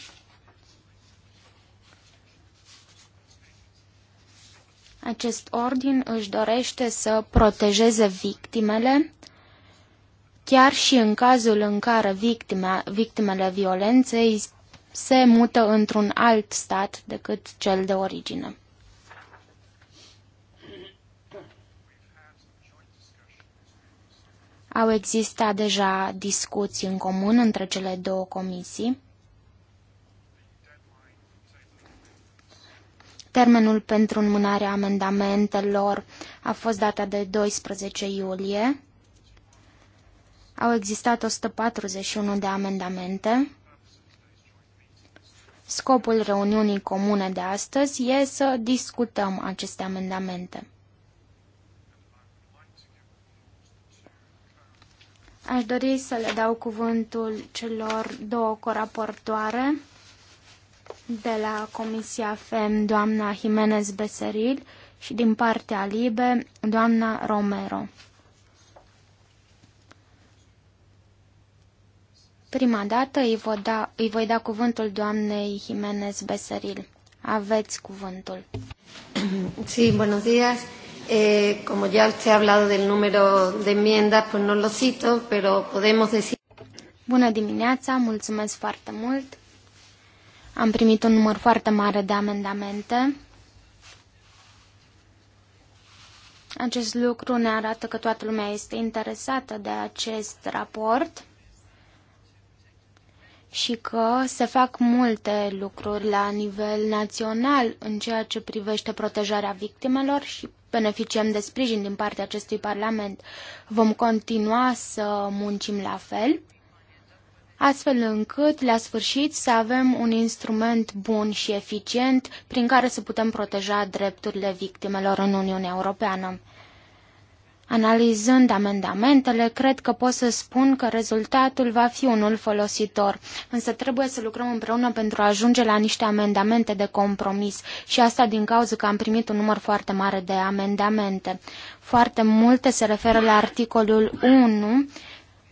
Acest ordin își dorește să protejeze victimele, chiar și în cazul în care victima, victimele violenței se mută într-un alt stat decât cel de origine. Au existat deja discuții în comun între cele două comisii. Termenul pentru înmânarea amendamentelor a fost data de 12 iulie. Au existat 141 de amendamente. Scopul reuniunii comune de astăzi e să discutăm aceste amendamente. Aș dori să le dau cuvântul celor două coraportoare de la Comisia FEM, doamna Jimenez Beseril și din partea LIBE, doamna Romero. Prima dată îi voi da, îi voi da cuvântul doamnei Jimenez Beseril. Aveți cuvântul. Sí, buenos días. Eh, como ya usted ha hablado del número de enmiendas, pues no lo cito, pero podemos decir... Bună dimineața, mulțumesc foarte mult. Am primit un număr foarte mare de amendamente. Acest lucru ne arată că toată lumea este interesată de acest raport și că se fac multe lucruri la nivel național în ceea ce privește protejarea victimelor și beneficiem de sprijin din partea acestui Parlament. Vom continua să muncim la fel, astfel încât la sfârșit să avem un instrument bun și eficient prin care să putem proteja drepturile victimelor în Uniunea Europeană. Analizând amendamentele, cred că pot să spun că rezultatul va fi unul folositor, însă trebuie să lucrăm împreună pentru a ajunge la niște amendamente de compromis și asta din cauza că am primit un număr foarte mare de amendamente. Foarte multe se referă la articolul 1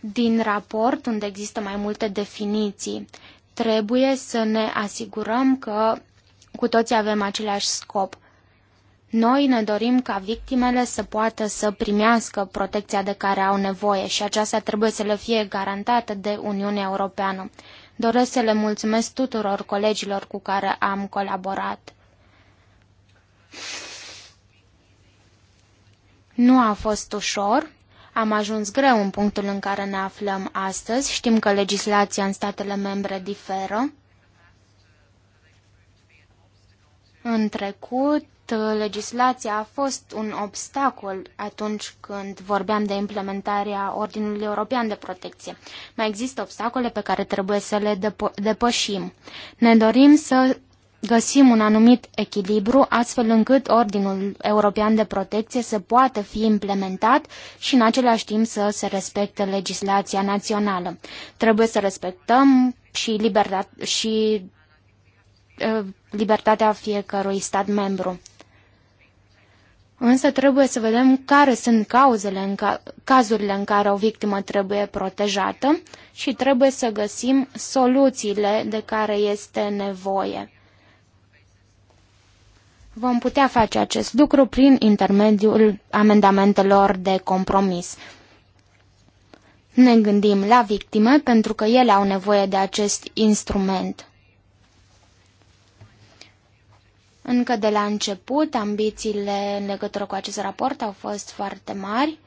din raport, unde există mai multe definiții. Trebuie să ne asigurăm că cu toții avem același scop. Noi ne dorim ca victimele să poată să primească protecția de care au nevoie și aceasta trebuie să le fie garantată de Uniunea Europeană. Doresc să le mulțumesc tuturor colegilor cu care am colaborat. Nu a fost ușor. Am ajuns greu în punctul în care ne aflăm astăzi. Știm că legislația în statele membre diferă. În trecut, Uh, legislația a fost un obstacol atunci când vorbeam de implementarea Ordinului European de Protecție. Mai există obstacole pe care trebuie să le depă- depășim. Ne dorim să găsim un anumit echilibru astfel încât Ordinul European de Protecție să poată fi implementat și în același timp să se respecte legislația națională. Trebuie să respectăm și, libertate, și uh, libertatea fiecărui stat membru. Însă trebuie să vedem care sunt cauzele în ca- cazurile în care o victimă trebuie protejată și trebuie să găsim soluțiile de care este nevoie. Vom putea face acest lucru prin intermediul amendamentelor de compromis. Ne gândim la victime pentru că ele au nevoie de acest instrument. Încă de la început, ambițiile în legătură cu acest raport au fost foarte mari.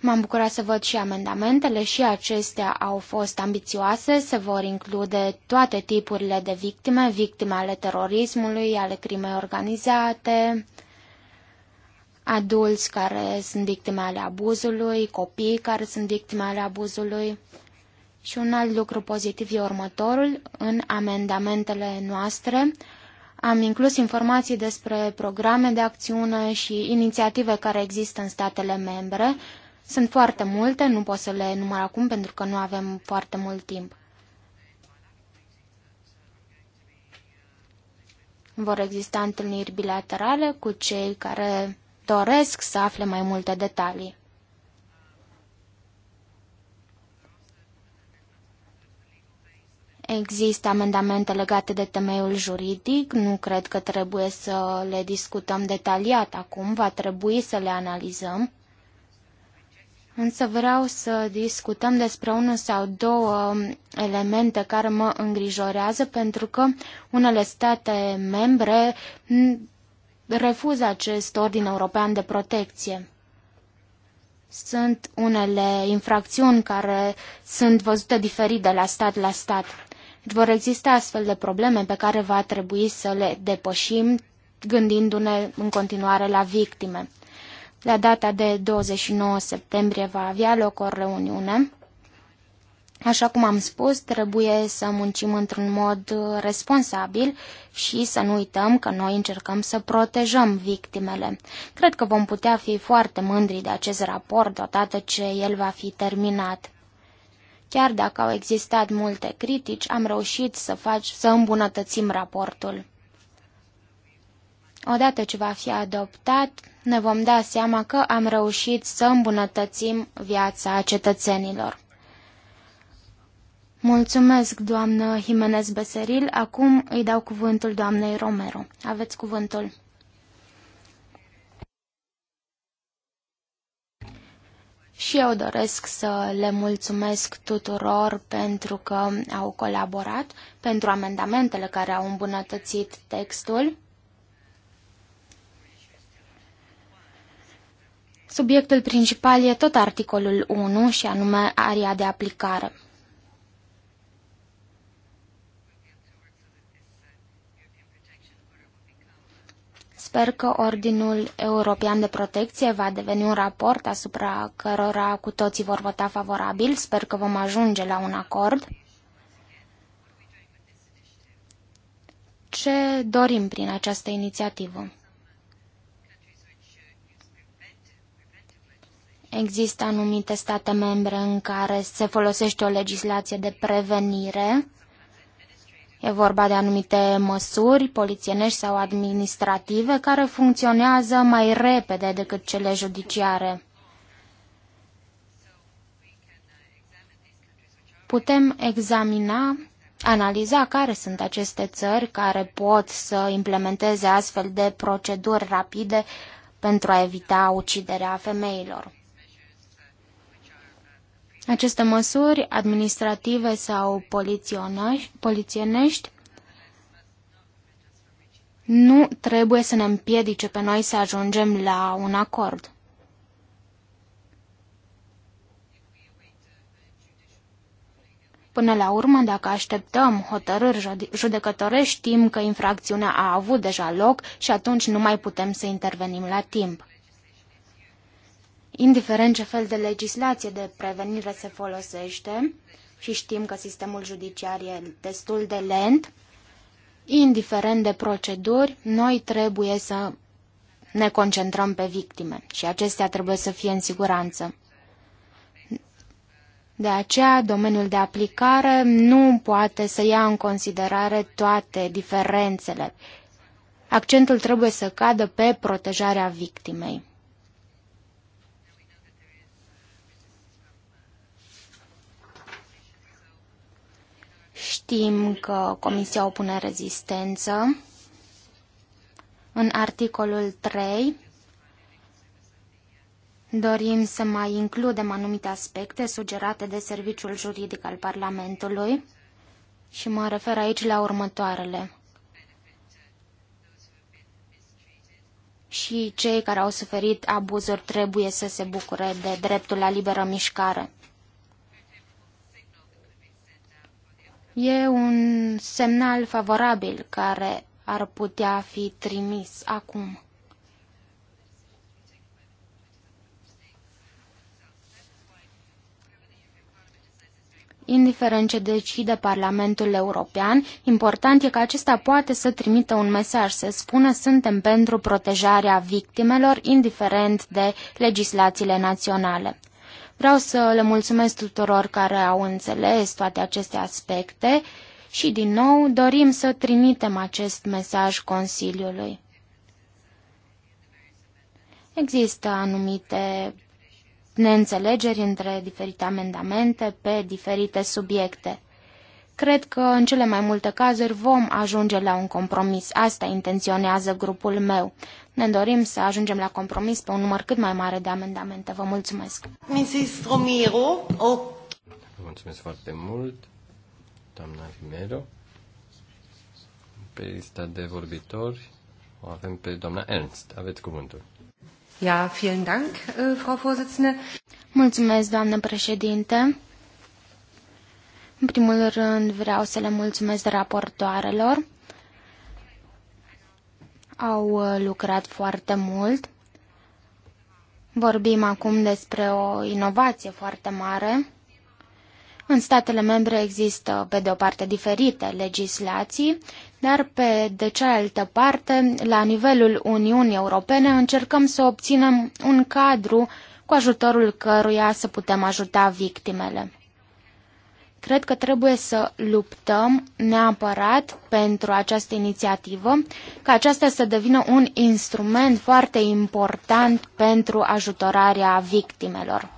M-am bucurat să văd și amendamentele și acestea au fost ambițioase, se vor include toate tipurile de victime, victime ale terorismului, ale crimei organizate, adulți care sunt victime ale abuzului, copii care sunt victime ale abuzului. Și un alt lucru pozitiv e următorul. În amendamentele noastre am inclus informații despre programe de acțiune și inițiative care există în statele membre. Sunt foarte multe, nu pot să le număr acum pentru că nu avem foarte mult timp. Vor exista întâlniri bilaterale cu cei care doresc să afle mai multe detalii. Există amendamente legate de temeiul juridic, nu cred că trebuie să le discutăm detaliat acum, va trebui să le analizăm. Însă vreau să discutăm despre unul sau două elemente care mă îngrijorează, pentru că unele state membre refuză acest ordin european de protecție. Sunt unele infracțiuni care sunt văzute diferit de la stat la stat. Vor exista astfel de probleme pe care va trebui să le depășim gândindu-ne în continuare la victime. La data de 29 septembrie va avea loc o reuniune. Așa cum am spus, trebuie să muncim într-un mod responsabil și să nu uităm că noi încercăm să protejăm victimele. Cred că vom putea fi foarte mândri de acest raport odată ce el va fi terminat. Chiar dacă au existat multe critici, am reușit să, faci, să îmbunătățim raportul. Odată ce va fi adoptat, ne vom da seama că am reușit să îmbunătățim viața cetățenilor. Mulțumesc, doamnă Jimenez Beseril. Acum îi dau cuvântul doamnei Romero. Aveți cuvântul. și eu doresc să le mulțumesc tuturor pentru că au colaborat, pentru amendamentele care au îmbunătățit textul. Subiectul principal e tot articolul 1 și anume aria de aplicare. Sper că Ordinul European de Protecție va deveni un raport asupra cărora cu toții vor vota favorabil. Sper că vom ajunge la un acord. Ce dorim prin această inițiativă? Există anumite state membre în care se folosește o legislație de prevenire E vorba de anumite măsuri polițienești sau administrative care funcționează mai repede decât cele judiciare. Putem examina, analiza care sunt aceste țări care pot să implementeze astfel de proceduri rapide pentru a evita uciderea femeilor. Aceste măsuri administrative sau polițienești nu trebuie să ne împiedice pe noi să ajungem la un acord. Până la urmă, dacă așteptăm hotărâri judecătorești, știm că infracțiunea a avut deja loc și atunci nu mai putem să intervenim la timp indiferent ce fel de legislație de prevenire se folosește, și știm că sistemul judiciar e destul de lent, indiferent de proceduri, noi trebuie să ne concentrăm pe victime și acestea trebuie să fie în siguranță. De aceea, domeniul de aplicare nu poate să ia în considerare toate diferențele. Accentul trebuie să cadă pe protejarea victimei. Știm că Comisia opune rezistență. În articolul 3 dorim să mai includem anumite aspecte sugerate de Serviciul Juridic al Parlamentului și mă refer aici la următoarele. și cei care au suferit abuzuri trebuie să se bucure de dreptul la liberă mișcare. E un semnal favorabil care ar putea fi trimis acum. Indiferent ce decide Parlamentul European, important e că acesta poate să trimită un mesaj, să spună suntem pentru protejarea victimelor, indiferent de legislațiile naționale. Vreau să le mulțumesc tuturor care au înțeles toate aceste aspecte și, din nou, dorim să trimitem acest mesaj Consiliului. Există anumite neînțelegeri între diferite amendamente pe diferite subiecte. Cred că în cele mai multe cazuri vom ajunge la un compromis. Asta intenționează grupul meu. Ne dorim să ajungem la compromis pe un număr cât mai mare de amendamente. Vă mulțumesc. Mrs. Romero, o... Vă mulțumesc foarte mult, doamna Romero. Pe lista de vorbitori o avem pe doamna Ernst. Aveți cuvântul. Ja, vielen Dank, äh, Frau Vorsitzende. Mulțumesc, doamnă președinte. În primul rând vreau să le mulțumesc de raportoarelor. Au uh, lucrat foarte mult. Vorbim acum despre o inovație foarte mare. În statele membre există, pe de o parte, diferite legislații, dar pe de cealaltă parte, la nivelul Uniunii Europene, încercăm să obținem un cadru cu ajutorul căruia să putem ajuta victimele. Cred că trebuie să luptăm neapărat pentru această inițiativă, ca aceasta să devină un instrument foarte important pentru ajutorarea victimelor.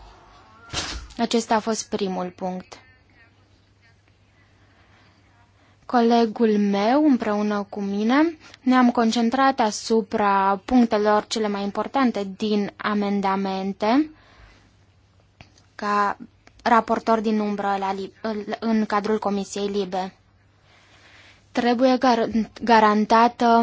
Acesta a fost primul punct. Colegul meu, împreună cu mine, ne-am concentrat asupra punctelor cele mai importante din amendamente, ca raportor din umbră la, în cadrul Comisiei Libe. Trebuie gar garantată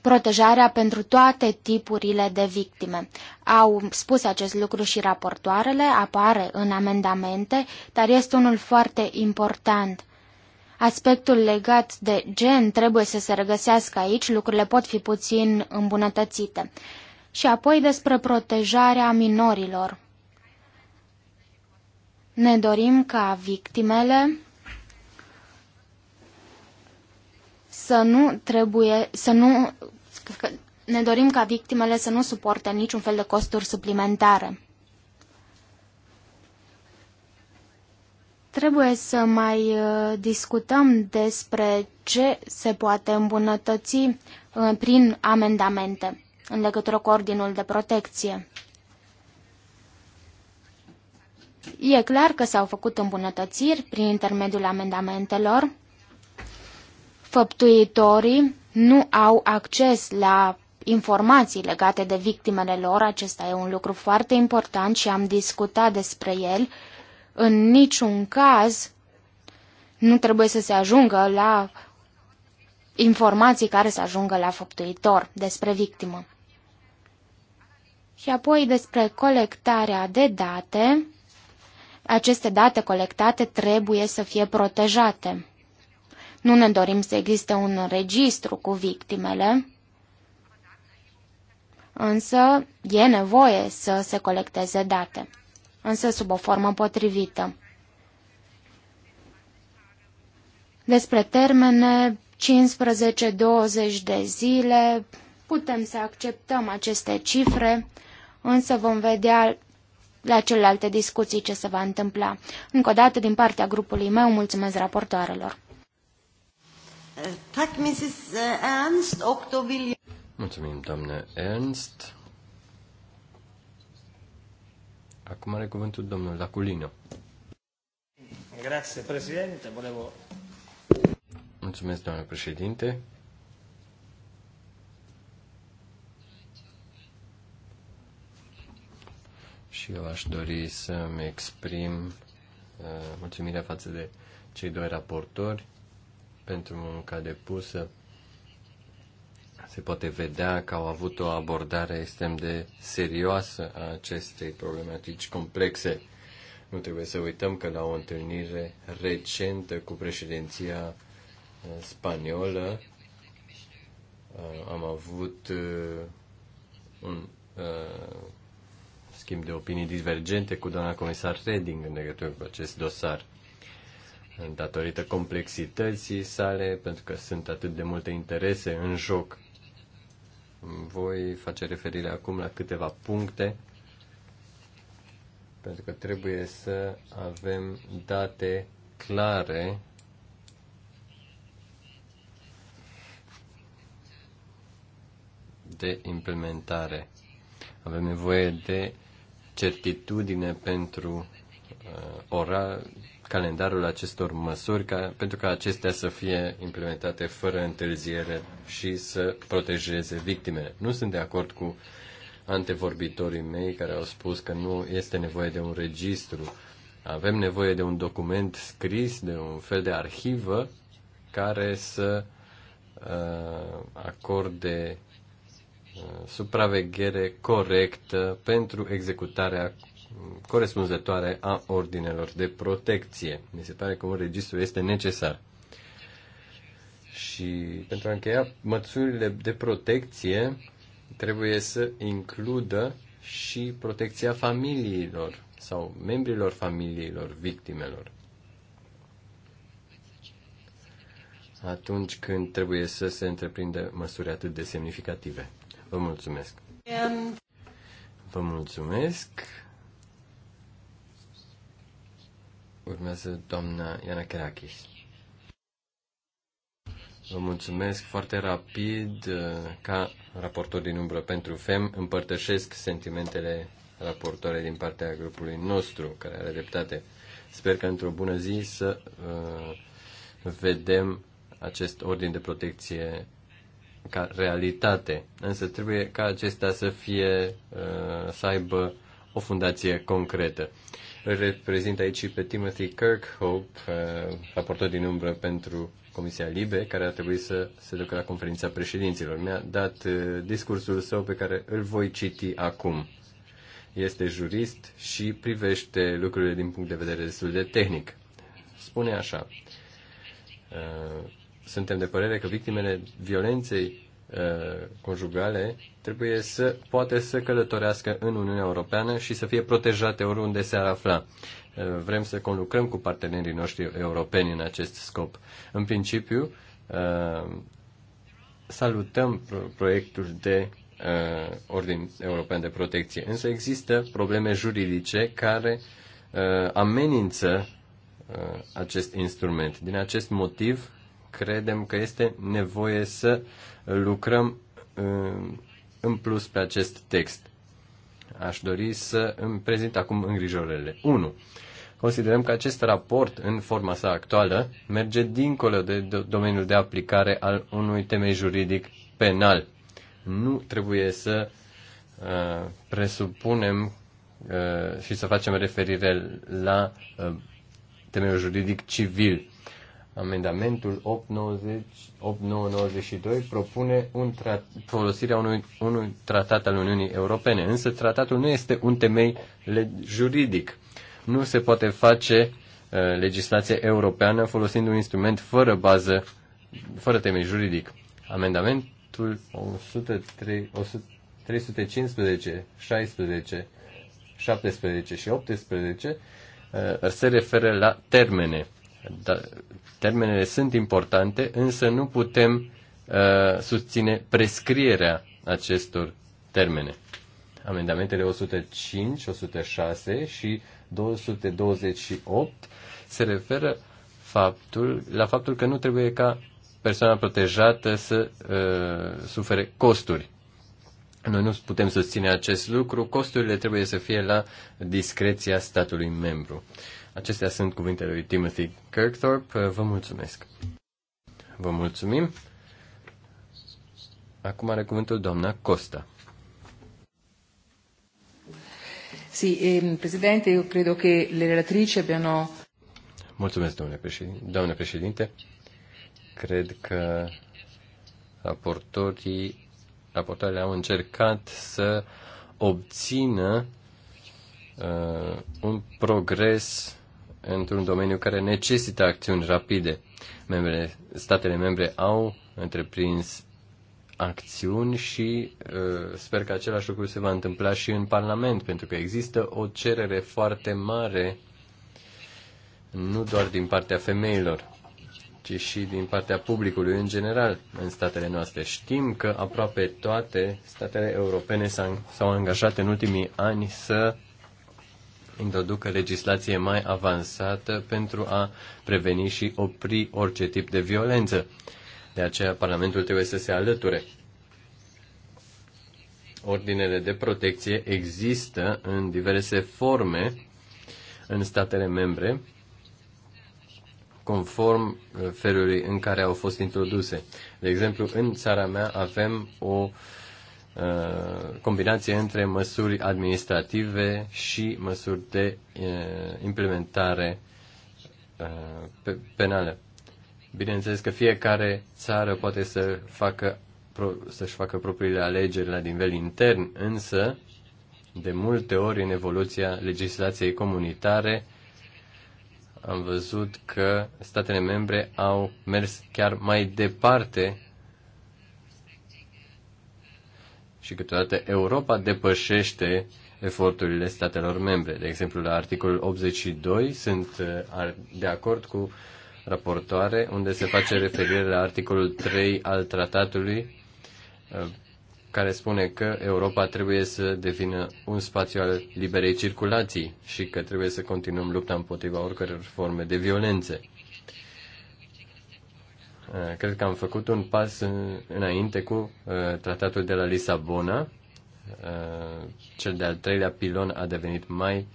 protejarea pentru toate tipurile de victime. Au spus acest lucru și raportoarele, apare în amendamente, dar este unul foarte important. Aspectul legat de gen trebuie să se regăsească aici, lucrurile pot fi puțin îmbunătățite. Și apoi despre protejarea minorilor. Ne dorim ca victimele să nu trebuie, să nu, ne dorim ca victimele să nu suporte niciun fel de costuri suplimentare. Trebuie să mai uh, discutăm despre ce se poate îmbunătăți uh, prin amendamente în legătură cu ordinul de protecție. E clar că s-au făcut îmbunătățiri prin intermediul amendamentelor. Făptuitorii nu au acces la informații legate de victimele lor, acesta e un lucru foarte important și am discutat despre el. În niciun caz nu trebuie să se ajungă la informații care să ajungă la făptuitor despre victimă. Și apoi despre colectarea de date, aceste date colectate trebuie să fie protejate. Nu ne dorim să existe un registru cu victimele, însă e nevoie să se colecteze date, însă sub o formă potrivită. Despre termene, 15-20 de zile, putem să acceptăm aceste cifre, însă vom vedea la celelalte discuții ce se va întâmpla. Încă o dată, din partea grupului meu, mulțumesc raportoarelor. Mulțumim, doamnă Ernst. Acum are cuvântul domnul Laculino. Grazie, președinte. Volevo... Mulțumesc, doamnă președinte. și eu aș dori să-mi exprim uh, mulțumirea față de cei doi raportori pentru munca depusă. Se poate vedea că au avut o abordare extrem de serioasă a acestei problematici complexe. Nu trebuie să uităm că la o întâlnire recentă cu președinția uh, spaniolă uh, am avut uh, un schimb de opinii divergente cu doamna comisar Reding în legătură cu acest dosar. Datorită complexității sale, pentru că sunt atât de multe interese în joc, voi face referire acum la câteva puncte, pentru că trebuie să avem date clare de implementare. Avem nevoie de certitudine pentru uh, ora, calendarul acestor măsuri ca, pentru ca acestea să fie implementate fără întârziere și să protejeze victimele. Nu sunt de acord cu antevorbitorii mei care au spus că nu este nevoie de un registru. Avem nevoie de un document scris, de un fel de arhivă care să uh, acorde supraveghere corectă pentru executarea corespunzătoare a ordinelor de protecție. Mi se pare că un registru este necesar. Și pentru a încheia, măsurile de protecție trebuie să includă și protecția familiilor sau membrilor familiilor victimelor. Atunci când trebuie să se întreprinde măsuri atât de semnificative. Vă mulțumesc. Vă mulțumesc. Urmează doamna Iana Kerakis. Vă mulțumesc foarte rapid uh, ca raportor din umbră pentru FEM. Împărtășesc sentimentele raportoare din partea grupului nostru, care are dreptate. Sper că într-o bună zi să uh, vedem acest ordin de protecție ca realitate, însă trebuie ca acesta să fie, uh, să aibă o fundație concretă. Îl reprezint aici și pe Timothy Kirkhope, uh, raportor din umbră pentru Comisia Libe, care a trebuit să se ducă la conferința președinților. Mi-a dat uh, discursul său pe care îl voi citi acum. Este jurist și privește lucrurile din punct de vedere destul de tehnic. Spune așa suntem de părere că victimele violenței uh, conjugale trebuie să poate să călătorească în Uniunea Europeană și să fie protejate oriunde se ar afla. Uh, vrem să conlucrăm cu partenerii noștri europeni în acest scop. În principiu, uh, salutăm proiectul de ordin european de protecție, însă există probleme juridice care amenință acest instrument. Din acest motiv, credem că este nevoie să lucrăm uh, în plus pe acest text. Aș dori să îmi prezint acum îngrijorările. 1. Considerăm că acest raport, în forma sa actuală, merge dincolo de domeniul de aplicare al unui temei juridic penal. Nu trebuie să uh, presupunem uh, și să facem referire la uh, temeiul juridic civil. Amendamentul 892 propune un tra- folosirea unui, unui tratat al Uniunii Europene, însă tratatul nu este un temei juridic. Nu se poate face uh, legislație europeană folosind un instrument fără bază, fără temei juridic. Amendamentul 315, 16, 17 și 18 uh, se referă la termene da, termenele sunt importante, însă nu putem uh, susține prescrierea acestor termene. Amendamentele 105, 106 și 228 se referă faptul, la faptul că nu trebuie ca persoana protejată să uh, sufere costuri. Noi nu putem susține acest lucru, costurile trebuie să fie la discreția statului membru. Uh, Acestea sunt cuvintele lui Timothy Kirkthorpe. Vă mulțumesc. Vă mulțumim. Acum are cuvântul doamna Costa. Sì, eh, Presidente, io credo che le relatrici abbiano... Mulțumesc, domnule președinte. Domnule președinte, cred că raportorii, raportorii au încercat să obțină uh, un progres într-un domeniu care necesită acțiuni rapide. Membre, statele membre au întreprins acțiuni și uh, sper că același lucru se va întâmpla și în Parlament, pentru că există o cerere foarte mare, nu doar din partea femeilor, ci și din partea publicului în general în statele noastre. Știm că aproape toate statele europene s-au angajat în ultimii ani să introducă legislație mai avansată pentru a preveni și opri orice tip de violență. De aceea Parlamentul trebuie să se alăture. Ordinele de protecție există în diverse forme în statele membre, conform uh, felului în care au fost introduse. De exemplu, în țara mea avem o uh, Uh, combinație între măsuri administrative și măsuri de uh, implementare uh, penală. Bineînțeles că fiecare țară poate să facă, să-și facă propriile alegeri la nivel intern, însă, de multe ori în evoluția legislației comunitare, am văzut că statele membre au mers chiar mai departe și câteodată Europa depășește eforturile statelor membre. De exemplu, la articolul 82 sunt uh, de acord cu raportoare unde se face referire la articolul 3 al tratatului uh, care spune că Europa trebuie să devină un spațiu al liberei circulații și că trebuie să continuăm lupta împotriva oricăror forme de violențe. Eh, cred că am făcut un pas înainte cu eh, tratatul de la Lisabona. Eh, cel de-al treilea pilon a devenit mai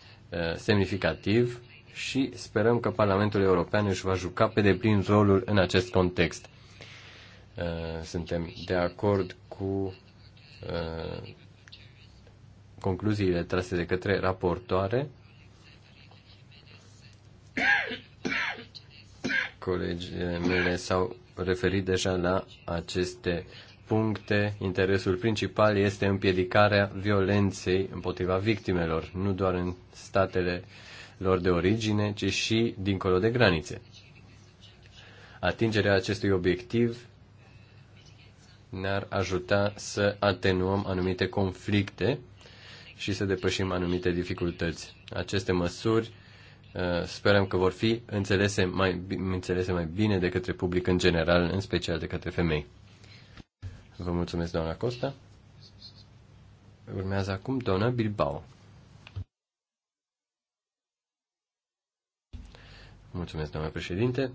semnificativ și sperăm că Parlamentul European își va juca pe deplin rolul în acest context. Suntem de acord cu concluziile trase de către raportoare. Colegii mele s-au referit deja la aceste puncte. Interesul principal este împiedicarea violenței împotriva victimelor, nu doar în statele lor de origine, ci și dincolo de granițe. Atingerea acestui obiectiv ne-ar ajuta să atenuăm anumite conflicte și să depășim anumite dificultăți. Aceste măsuri Eh, sperăm că vor fi înțelese mai, înțelese mai bine de către public în general, în special de către femei. Vă mulțumesc, doamna Costa. Urmează acum doamna Bilbao. Mulțumesc, doamna președinte.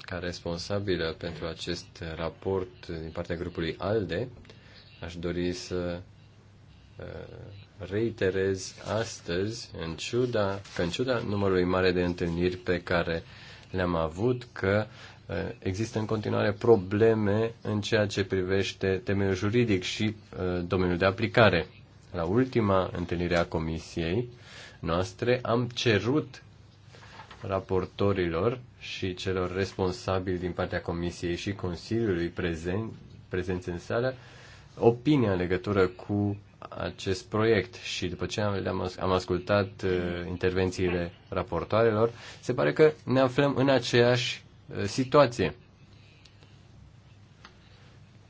Ca responsabilă pentru acest raport din partea grupului ALDE, aș dori să Uh, reiterez astăzi, în ciuda, că în ciuda numărului mare de întâlniri pe care le-am avut, că uh, există în continuare probleme în ceea ce privește temeiul juridic și uh, domeniul de aplicare. La ultima întâlnire a comisiei noastre am cerut raportorilor și celor responsabili din partea Comisiei și Consiliului prezen, prezenți în sală opinia în legătură cu acest proiect și după ce am, am ascultat uh, intervențiile raportoarelor, se pare că ne aflăm în aceeași uh, situație.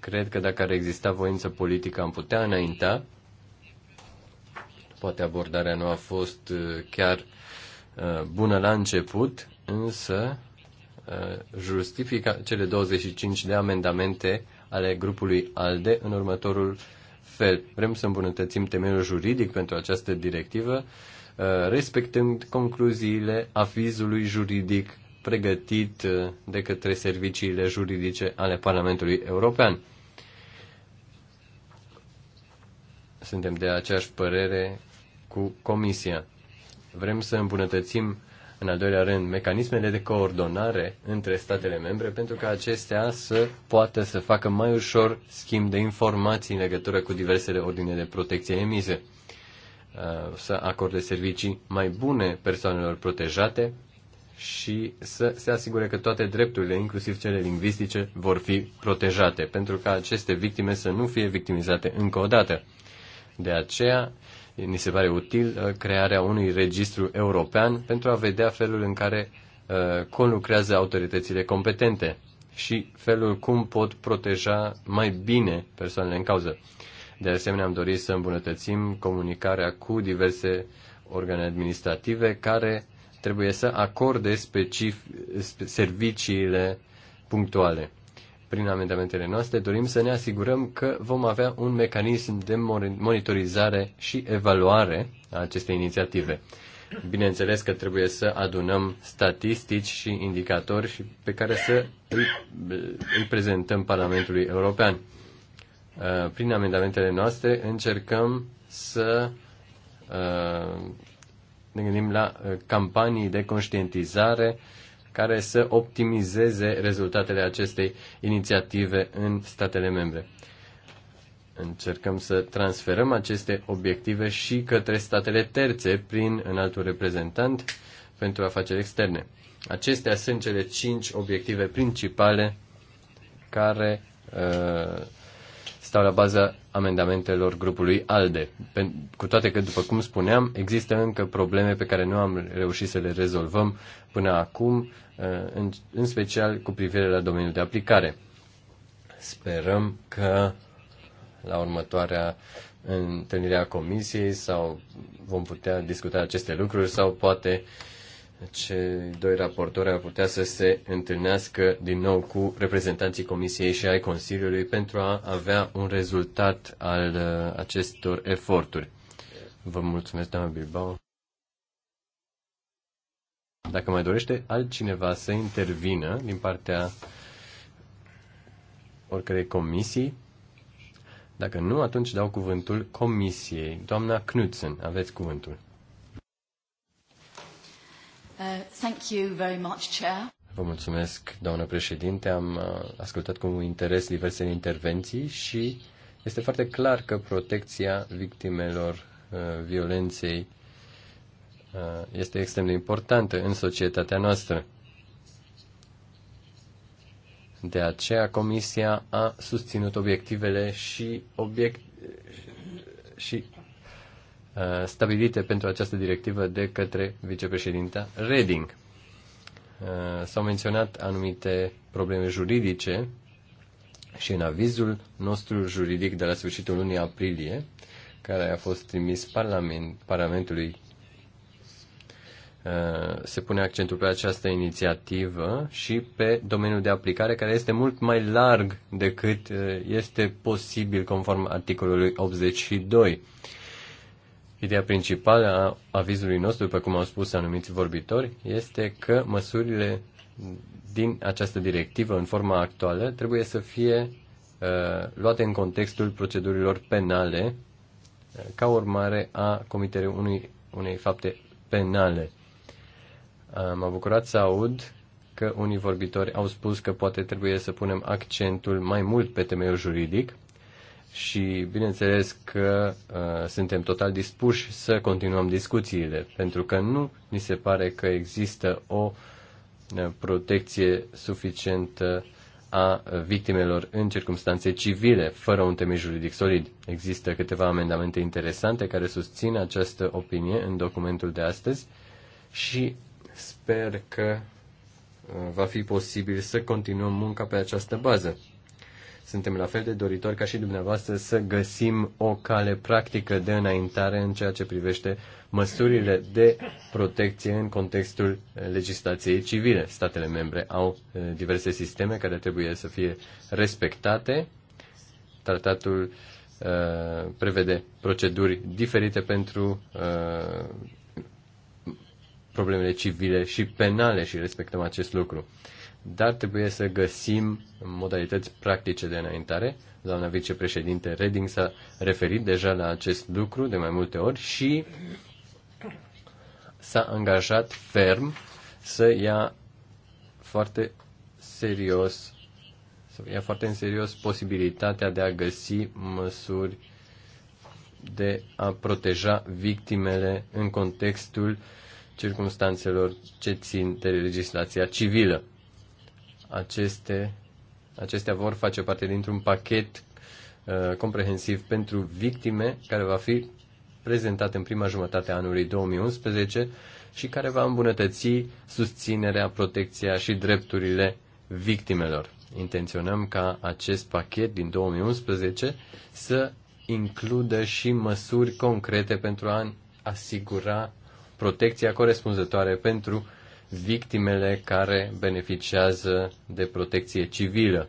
Cred că dacă ar exista voință politică am putea înainta. Poate abordarea nu a fost uh, chiar uh, bună la început, însă uh, justifică cele 25 de amendamente ale grupului ALDE în următorul uh, fel. Vrem să îmbunătățim temeiul juridic pentru această directivă, uh, respectând concluziile avizului juridic pregătit uh, de către serviciile juridice ale Parlamentului European. Suntem de aceeași părere cu Comisia. Vrem să îmbunătățim în al doilea rând, mecanismele de coordonare între statele membre pentru ca acestea să poată să facă mai ușor schimb de informații în legătură cu diversele ordine de protecție emise, uh, să acorde servicii mai bune persoanelor protejate și să se asigure că toate drepturile, inclusiv cele lingvistice, vor fi protejate, pentru ca aceste victime să nu fie victimizate încă o dată. De aceea, ni se pare util uh, crearea unui registru european pentru a vedea felul în care uh, conlucrează autoritățile competente și felul cum pot proteja mai bine persoanele în cauză. De asemenea, am dorit să îmbunătățim comunicarea cu diverse organe administrative care trebuie să acorde specific serviciile punctuale prin amendamentele noastre, dorim să ne asigurăm că vom avea un mecanism de monitorizare și evaluare a acestei inițiative. Bineînțeles că trebuie să adunăm statistici și indicatori și pe care să îi, îi prezentăm Parlamentului European. Uh, prin amendamentele noastre încercăm să uh, ne gândim la uh, campanii de conștientizare care să optimizeze rezultatele acestei inițiative în statele membre. Încercăm să transferăm aceste obiective și către statele terțe prin înaltul reprezentant pentru afaceri externe. Acestea sunt cele cinci obiective principale care uh, stau la baza amendamentelor grupului ALDE. Cu toate că, după cum spuneam, există încă probleme pe care nu am reușit să le rezolvăm până acum. Uh, în, în special cu privire la domeniul de aplicare. Sperăm că la următoarea întâlnire a comisiei sau vom putea discuta aceste lucruri sau poate cei doi raportori ar putea să se întâlnească din nou cu reprezentanții Comisiei și ai Consiliului pentru a avea un rezultat al uh, acestor eforturi. Vă mulțumesc, doamna Bilbao. Dacă mai dorește altcineva să intervină din partea oricărei comisii, dacă nu, atunci dau cuvântul comisiei. Doamna Knudsen, aveți cuvântul. Uh, thank you very much, Chair. Vă mulțumesc, doamnă președinte. Am uh, ascultat cu interes diversele intervenții și este foarte clar că protecția victimelor uh, violenței Uh, este extrem de importantă în societatea noastră. De aceea Comisia a susținut obiectivele și, obiect, și uh, stabilite pentru această directivă de către vicepreședinta Reding. Uh, s-au menționat anumite probleme juridice și în avizul nostru juridic de la sfârșitul lunii aprilie, care a fost trimis parlament, Parlamentului Uh, se pune accentul pe această inițiativă și pe domeniul de aplicare care este mult mai larg decât uh, este posibil conform articolului 82. Ideea principală a avizului nostru, după cum au spus anumiți vorbitori, este că măsurile din această directivă în forma actuală trebuie să fie uh, luate în contextul procedurilor penale uh, ca urmare a comiterei unui, unei fapte penale Uh, m-a bucurat să aud că unii vorbitori au spus că poate trebuie să punem accentul mai mult pe temeiul juridic și bineînțeles că uh, suntem total dispuși să continuăm discuțiile, pentru că nu ni se pare că există o uh, protecție suficientă a victimelor în circunstanțe civile, fără un temei juridic solid. Există câteva amendamente interesante care susțin această opinie în documentul de astăzi și Sper că uh, va fi posibil să continuăm munca pe această bază. Suntem la fel de doritori ca și dumneavoastră să găsim o cale practică de înaintare în ceea ce privește măsurile de protecție în contextul legislației civile. Statele membre au uh, diverse sisteme care trebuie să fie respectate. Tratatul uh, prevede proceduri diferite pentru uh, problemele civile și penale și respectăm acest lucru. Dar trebuie să găsim modalități practice de înaintare. Doamna vicepreședinte Reding s-a referit deja la acest lucru de mai multe ori și s-a angajat ferm să ia foarte serios să ia foarte în serios posibilitatea de a găsi măsuri de a proteja victimele în contextul circumstanțelor ce țin de legislația civilă. Aceste, acestea vor face parte dintr-un pachet uh, comprehensiv pentru victime care va fi prezentat în prima jumătate a anului 2011 și care va îmbunătăți susținerea, protecția și drepturile victimelor. Intenționăm ca acest pachet din 2011 să includă și măsuri concrete pentru a asigura protecția corespunzătoare pentru victimele care beneficiază de protecție civilă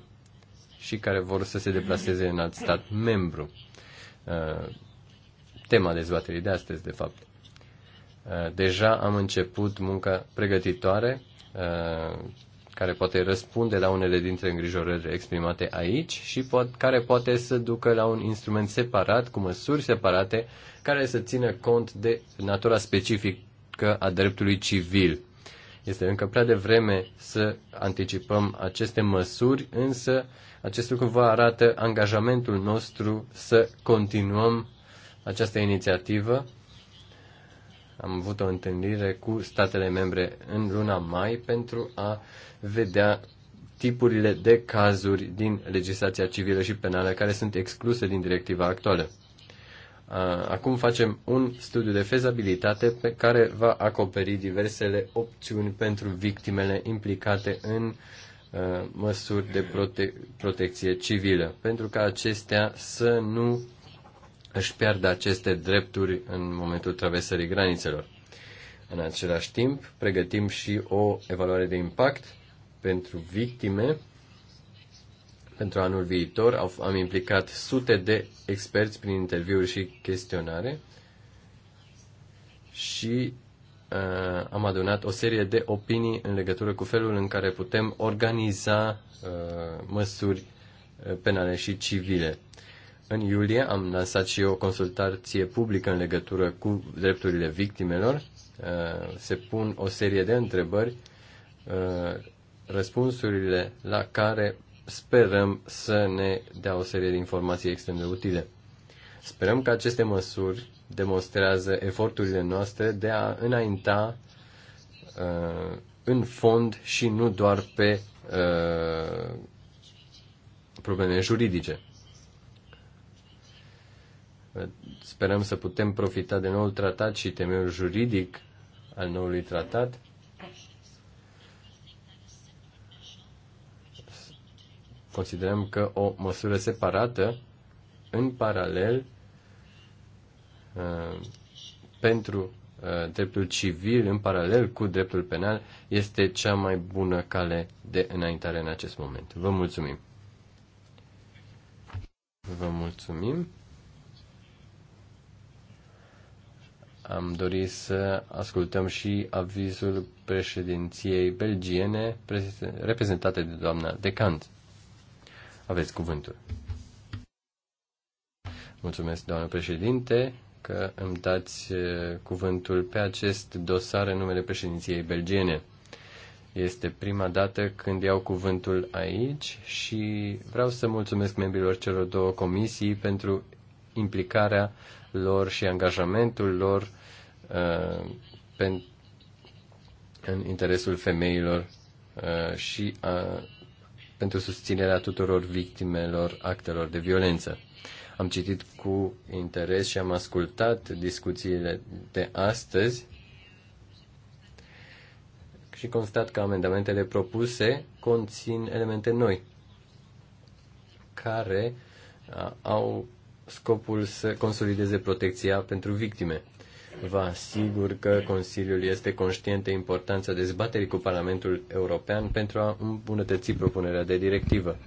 și care vor să se deplaseze în alt stat membru. Uh, tema dezbaterii de astăzi, de fapt. Uh, deja am început munca pregătitoare uh, care poate răspunde la unele dintre îngrijorări exprimate aici și pot, care poate să ducă la un instrument separat, cu măsuri separate, care să țină cont de natura specifică a dreptului civil. Este încă prea devreme să anticipăm aceste măsuri, însă acest lucru vă arată angajamentul nostru să continuăm această inițiativă am avut o întâlnire cu statele membre în luna mai pentru a vedea tipurile de cazuri din legislația civilă și penală care sunt excluse din directiva actuală. Acum facem un studiu de fezabilitate pe care va acoperi diversele opțiuni pentru victimele implicate în măsuri de prote- protecție civilă, pentru ca acestea să nu își piardă aceste drepturi în momentul traversării granițelor. În același timp, pregătim și o evaluare de impact pentru victime. Pentru anul viitor am implicat sute de experți prin interviuri și chestionare și uh, am adunat o serie de opinii în legătură cu felul în care putem organiza uh, măsuri uh, penale și civile. În iulie am lansat și o consultație publică în legătură cu drepturile victimelor. Uh, se pun o serie de întrebări, uh, răspunsurile la care sperăm să ne dea o serie de informații extrem de utile. Sperăm că aceste măsuri demonstrează eforturile noastre de a înainta uh, în fond și nu doar pe probleme juridice. Sperăm să putem profita de noul tratat și temeiul juridic al noului tratat. Considerăm că o măsură separată, în paralel, uh, pentru uh, dreptul civil, în paralel cu dreptul penal, este cea mai bună cale de înaintare în acest moment. Vă mulțumim! Vă mulțumim! am dorit să ascultăm și avizul președinției belgiene reprezentate de doamna Decant. Aveți cuvântul. Mulțumesc, doamnă președinte, că îmi dați eh, cuvântul pe acest dosar în numele președinției belgiene. Este prima dată când iau cuvântul aici și vreau să mulțumesc membrilor celor două comisii pentru implicarea lor și angajamentul lor uh, în interesul femeilor uh, și uh, pentru susținerea tuturor victimelor actelor de violență. Am citit cu interes și am ascultat discuțiile de astăzi și constat că amendamentele propuse conțin elemente noi care uh, au scopul să consolideze protecția pentru victime. Vă asigur că Consiliul este conștient de importanța dezbaterii cu Parlamentul European pentru a îmbunătăți propunerea de directivă.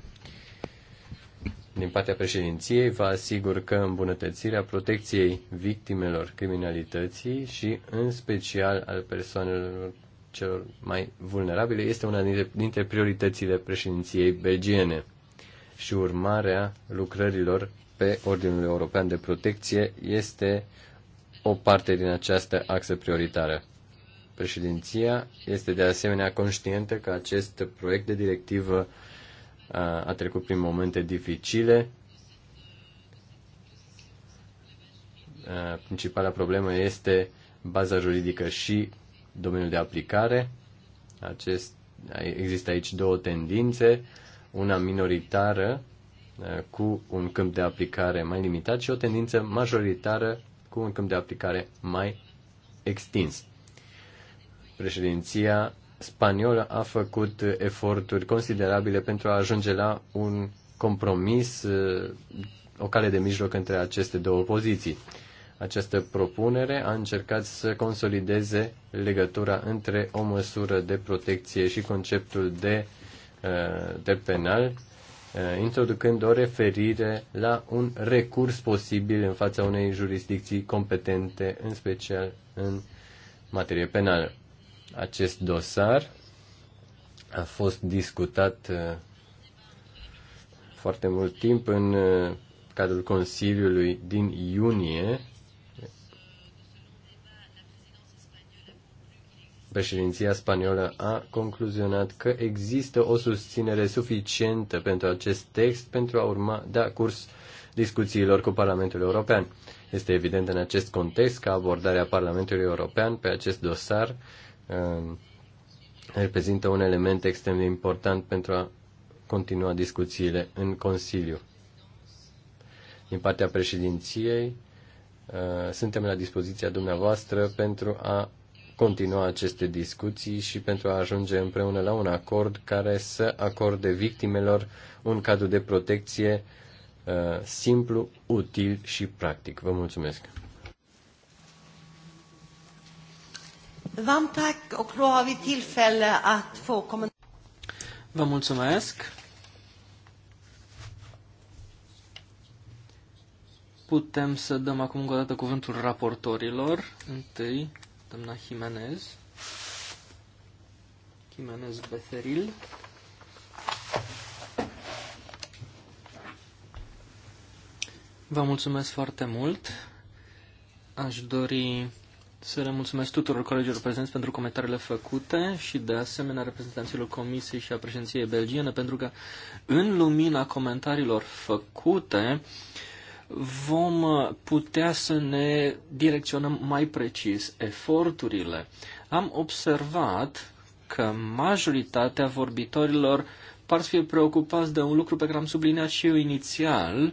Din partea președinției, vă asigur că îmbunătățirea protecției victimelor criminalității și, în special, al persoanelor celor mai vulnerabile este una dintre prioritățile președinției belgiene și urmarea lucrărilor pe Ordinul European de Protecție este o parte din această axă prioritară. Președinția este de asemenea conștientă că acest proiect de directivă a, a trecut prin momente dificile. A, principala problemă este baza juridică și domeniul de aplicare. Acest, există aici două tendințe, una minoritară Eh, cu un câmp de aplicare mai limitat și o tendință majoritară cu un câmp de aplicare mai extins. Președinția spaniolă a făcut eforturi considerabile pentru a ajunge la un compromis, eh, o cale de mijloc între aceste două poziții. Această propunere a încercat să consolideze legătura între o măsură de protecție și conceptul de, eh, de penal Eh, introducând o referire la un recurs posibil în fața unei jurisdicții competente, în special în materie penală. Acest dosar a fost discutat eh, foarte mult timp în eh, cadrul Consiliului din iunie Președinția spaniolă a concluzionat că există o susținere suficientă pentru acest text pentru a urma da curs discuțiilor cu Parlamentul European. Este evident în acest context că abordarea Parlamentului European pe acest dosar um, reprezintă un element extrem de important pentru a continua discuțiile în Consiliu. Din partea președinției, uh, suntem la dispoziția dumneavoastră pentru a continua aceste discuții și pentru a ajunge împreună la un acord care să acorde victimelor un cadru de protecție uh, simplu, util și practic. Vă mulțumesc! Vă mulțumesc! Putem să dăm acum încă o dată cuvântul raportorilor. Întâi, na Jimenez. Jimenez Beceril. Vă mulțumesc foarte mult. Aș dori să le mulțumesc tuturor colegilor prezenți pentru comentariile făcute și de asemenea reprezentanților Comisiei și a președinției belgiene pentru că în lumina comentariilor făcute vom uh, putea să ne direcționăm mai precis eforturile. Am observat că majoritatea vorbitorilor par să fie preocupați de un lucru pe care am subliniat și eu inițial,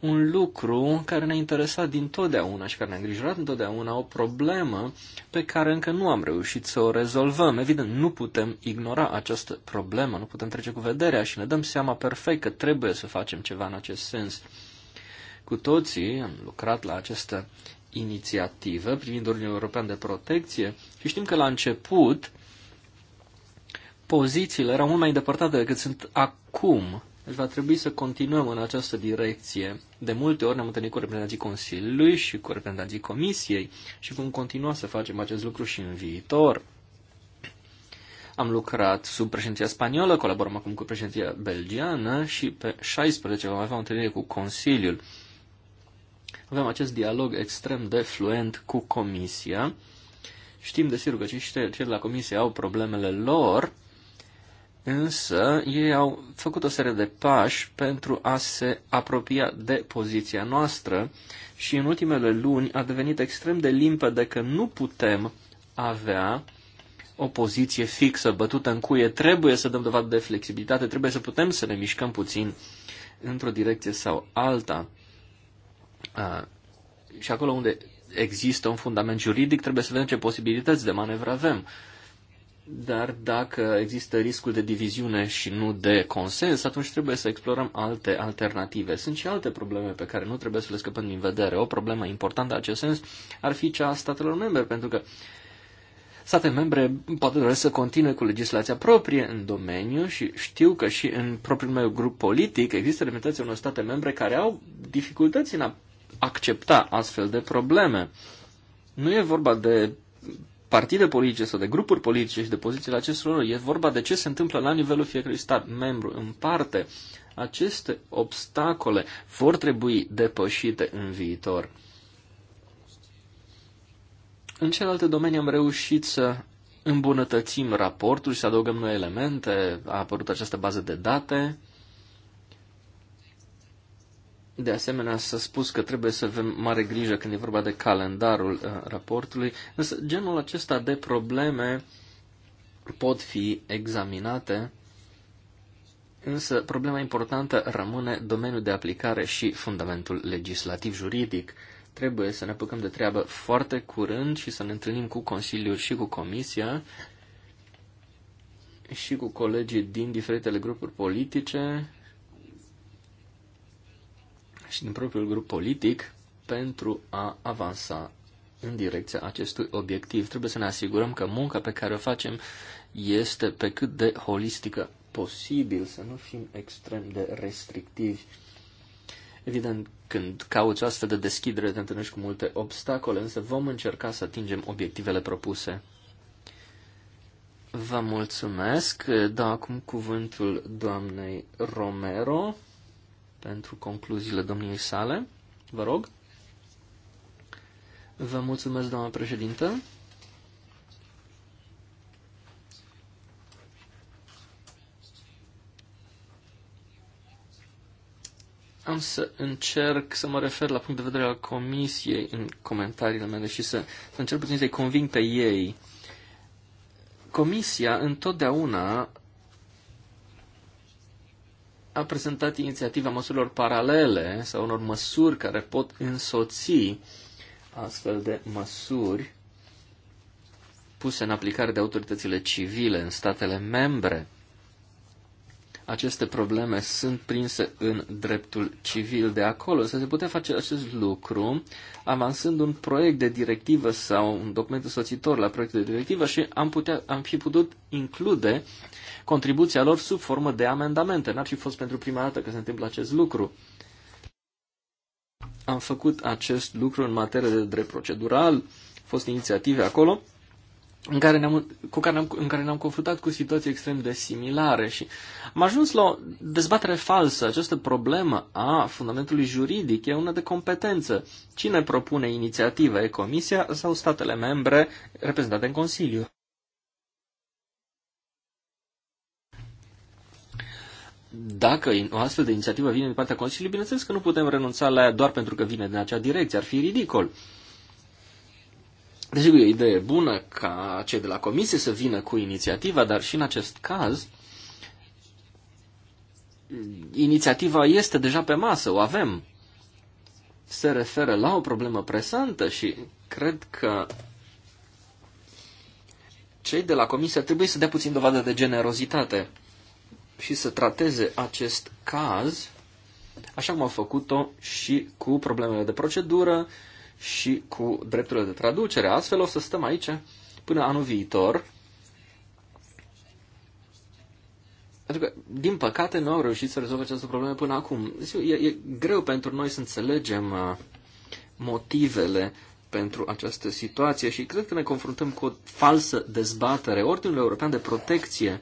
un lucru care ne-a interesat dintotdeauna și care ne-a îngrijorat întotdeauna, o problemă pe care încă nu am reușit să o rezolvăm. Evident, nu putem ignora această problemă, nu putem trece cu vederea și ne dăm seama perfect că trebuie să facem ceva în acest sens. Cu toții am lucrat la această inițiativă privind Ordinul European de Protecție și știm că la început pozițiile erau mult mai îndepărtate decât sunt acum. Deci va trebui să continuăm în această direcție. De multe ori ne-am întâlnit cu reprezentanții Consiliului și cu reprezentanții Comisiei și vom continua să facem acest lucru și în viitor. Am lucrat sub președinția spaniolă, colaborăm acum cu președinția belgiană și pe 16 vom avea o întâlnire cu Consiliul. Avem acest dialog extrem de fluent cu Comisia. Știm, desigur, că cei de la Comisie au problemele lor, însă ei au făcut o serie de pași pentru a se apropia de poziția noastră și în ultimele luni a devenit extrem de limpede că nu putem avea o poziție fixă, bătută în cuie, trebuie să dăm dovadă de flexibilitate, trebuie să putem să ne mișcăm puțin într-o direcție sau alta și acolo unde există un fundament juridic, trebuie să vedem ce posibilități de manevră avem. Dar dacă există riscul de diviziune și nu de consens, atunci trebuie să explorăm alte alternative. Sunt și alte probleme pe care nu trebuie să le scăpăm din vedere. O problemă importantă în acest sens ar fi cea a statelor membre, pentru că state membre poate doresc să continue cu legislația proprie în domeniu și știu că și în propriul meu grup politic există limitații unor state membre care au dificultăți în a accepta astfel de probleme. Nu e vorba de partide politice sau de grupuri politice și de pozițiile acestor, e vorba de ce se întâmplă la nivelul fiecărui stat membru în parte. Aceste obstacole vor trebui depășite în viitor. În celelalte domenii am reușit să îmbunătățim raportul și să adăugăm noi elemente. A apărut această bază de date de asemenea, s-a spus că trebuie să avem mare grijă când e vorba de calendarul uh, raportului, însă genul acesta de probleme pot fi examinate, însă problema importantă rămâne domeniul de aplicare și fundamentul legislativ juridic. Trebuie să ne apucăm de treabă foarte curând și să ne întâlnim cu Consiliul și cu Comisia și cu colegii din diferitele grupuri politice și din propriul grup politic pentru a avansa în direcția acestui obiectiv. Trebuie să ne asigurăm că munca pe care o facem este pe cât de holistică posibil, să nu fim extrem de restrictivi. Evident, când cauți o astfel de deschidere, te întâlnești cu multe obstacole, însă vom încerca să atingem obiectivele propuse. Vă mulțumesc. Da, acum cuvântul doamnei Romero pentru concluziile domniei sale. Vă rog. Vă mulțumesc, doamnă președintă. Am să încerc să mă refer la punct de vedere al comisiei în comentariile mele și să, să încerc puțin să-i conving pe ei. Comisia întotdeauna a prezentat inițiativa măsurilor paralele sau unor măsuri care pot însoți astfel de măsuri puse în aplicare de autoritățile civile în statele membre aceste probleme sunt prinse în dreptul civil de acolo, însă se putea face acest lucru avansând un proiect de directivă sau un document însoțitor la proiectul de directivă și am, putea, am fi putut include contribuția lor sub formă de amendamente. N-ar fi fost pentru prima dată că se întâmplă acest lucru. Am făcut acest lucru în materie de drept procedural, fost inițiative acolo în care ne-am, cu care ne-am, în care ne-am confruntat cu situații extrem de similare și am ajuns la o dezbatere falsă. Această problemă a fundamentului juridic e una de competență. Cine propune E Comisia sau statele membre reprezentate în Consiliu? Dacă o astfel de inițiativă vine din partea Consiliului, bineînțeles că nu putem renunța la ea doar pentru că vine din acea direcție, ar fi ridicol. Desigur, e o idee bună ca cei de la comisie să vină cu inițiativa, dar și în acest caz inițiativa este deja pe masă, o avem. Se referă la o problemă presantă și cred că cei de la comisie trebuie să dea puțin dovadă de generozitate și să trateze acest caz așa cum au făcut-o și cu problemele de procedură și cu drepturile de traducere. Astfel o să stăm aici până anul viitor. Pentru că, din păcate, nu au reușit să rezolve această problemă până acum. Deci, e, e greu pentru noi să înțelegem uh, motivele pentru această situație și cred că ne confruntăm cu o falsă dezbatere. Ordinul European de Protecție,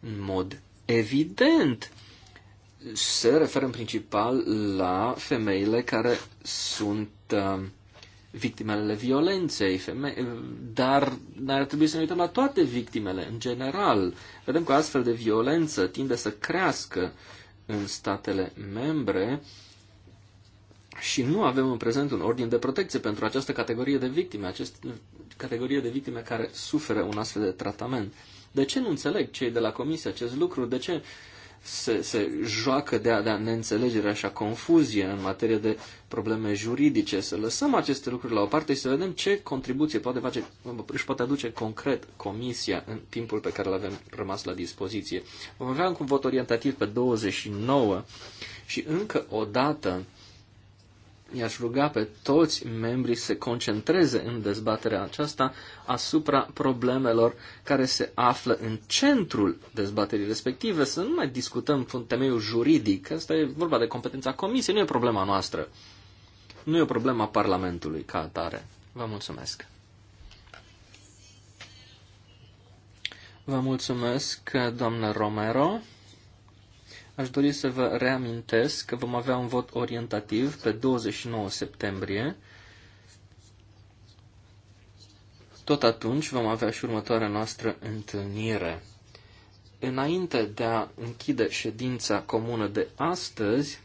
în mod evident, se referă în principal la femeile care sunt um, victimele violenței, femei, dar ar trebui să ne uităm la toate victimele în general. Vedem că astfel de violență tinde să crească în statele membre și nu avem în prezent un ordin de protecție pentru această categorie de victime, această categorie de victime care suferă un astfel de tratament. De ce nu înțeleg cei de la comisie acest lucru? De ce se, se joacă de a, de a neînțelegere așa confuzie în materie de probleme juridice, să lăsăm aceste lucruri la o parte și să vedem ce contribuție poate face, își poate aduce concret Comisia în timpul pe care l-avem rămas la dispoziție. Vom avea un vot orientativ pe 29 și încă o dată i-aș ruga pe toți membrii să se concentreze în dezbaterea aceasta asupra problemelor care se află în centrul dezbaterii respective, să nu mai discutăm temeiul juridic, asta e vorba de competența comisiei, nu e problema noastră, nu e o Parlamentului ca atare. Vă mulțumesc! Vă mulțumesc, doamnă Romero. Aș dori să vă reamintesc că vom avea un vot orientativ pe 29 septembrie. Tot atunci vom avea și următoarea noastră întâlnire. Înainte de a închide ședința comună de astăzi,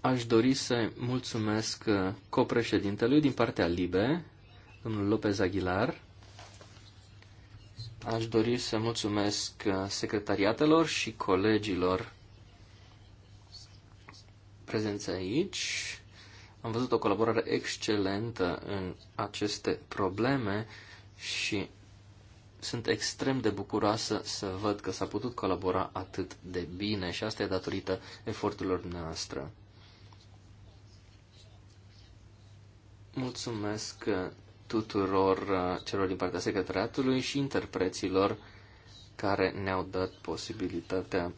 aș dori să mulțumesc copreședintelui din partea LIBE, domnul Lopez Aguilar, Aș dori să mulțumesc uh, secretariatelor și colegilor prezenți aici. Am văzut o colaborare excelentă în aceste probleme și sunt extrem de bucuroasă să văd că s-a putut colabora atât de bine și asta e datorită eforturilor noastre. Mulțumesc uh, tuturor uh, celor din partea secretariatului și interpreților care ne-au dat posibilitatea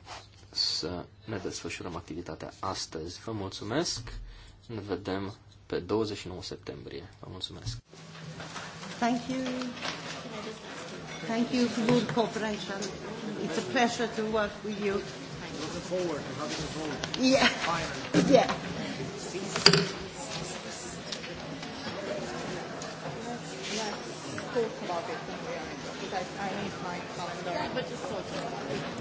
să ne desfășurăm activitatea astăzi. Vă mulțumesc! Ne vedem pe 29 septembrie. Vă mulțumesc! Thank you. Thank you for good cooperation. It's a pleasure to work with you. Looking forward Yeah. Finally. Yeah. talk about it in the end because I need my calendar. Yeah, but just talk about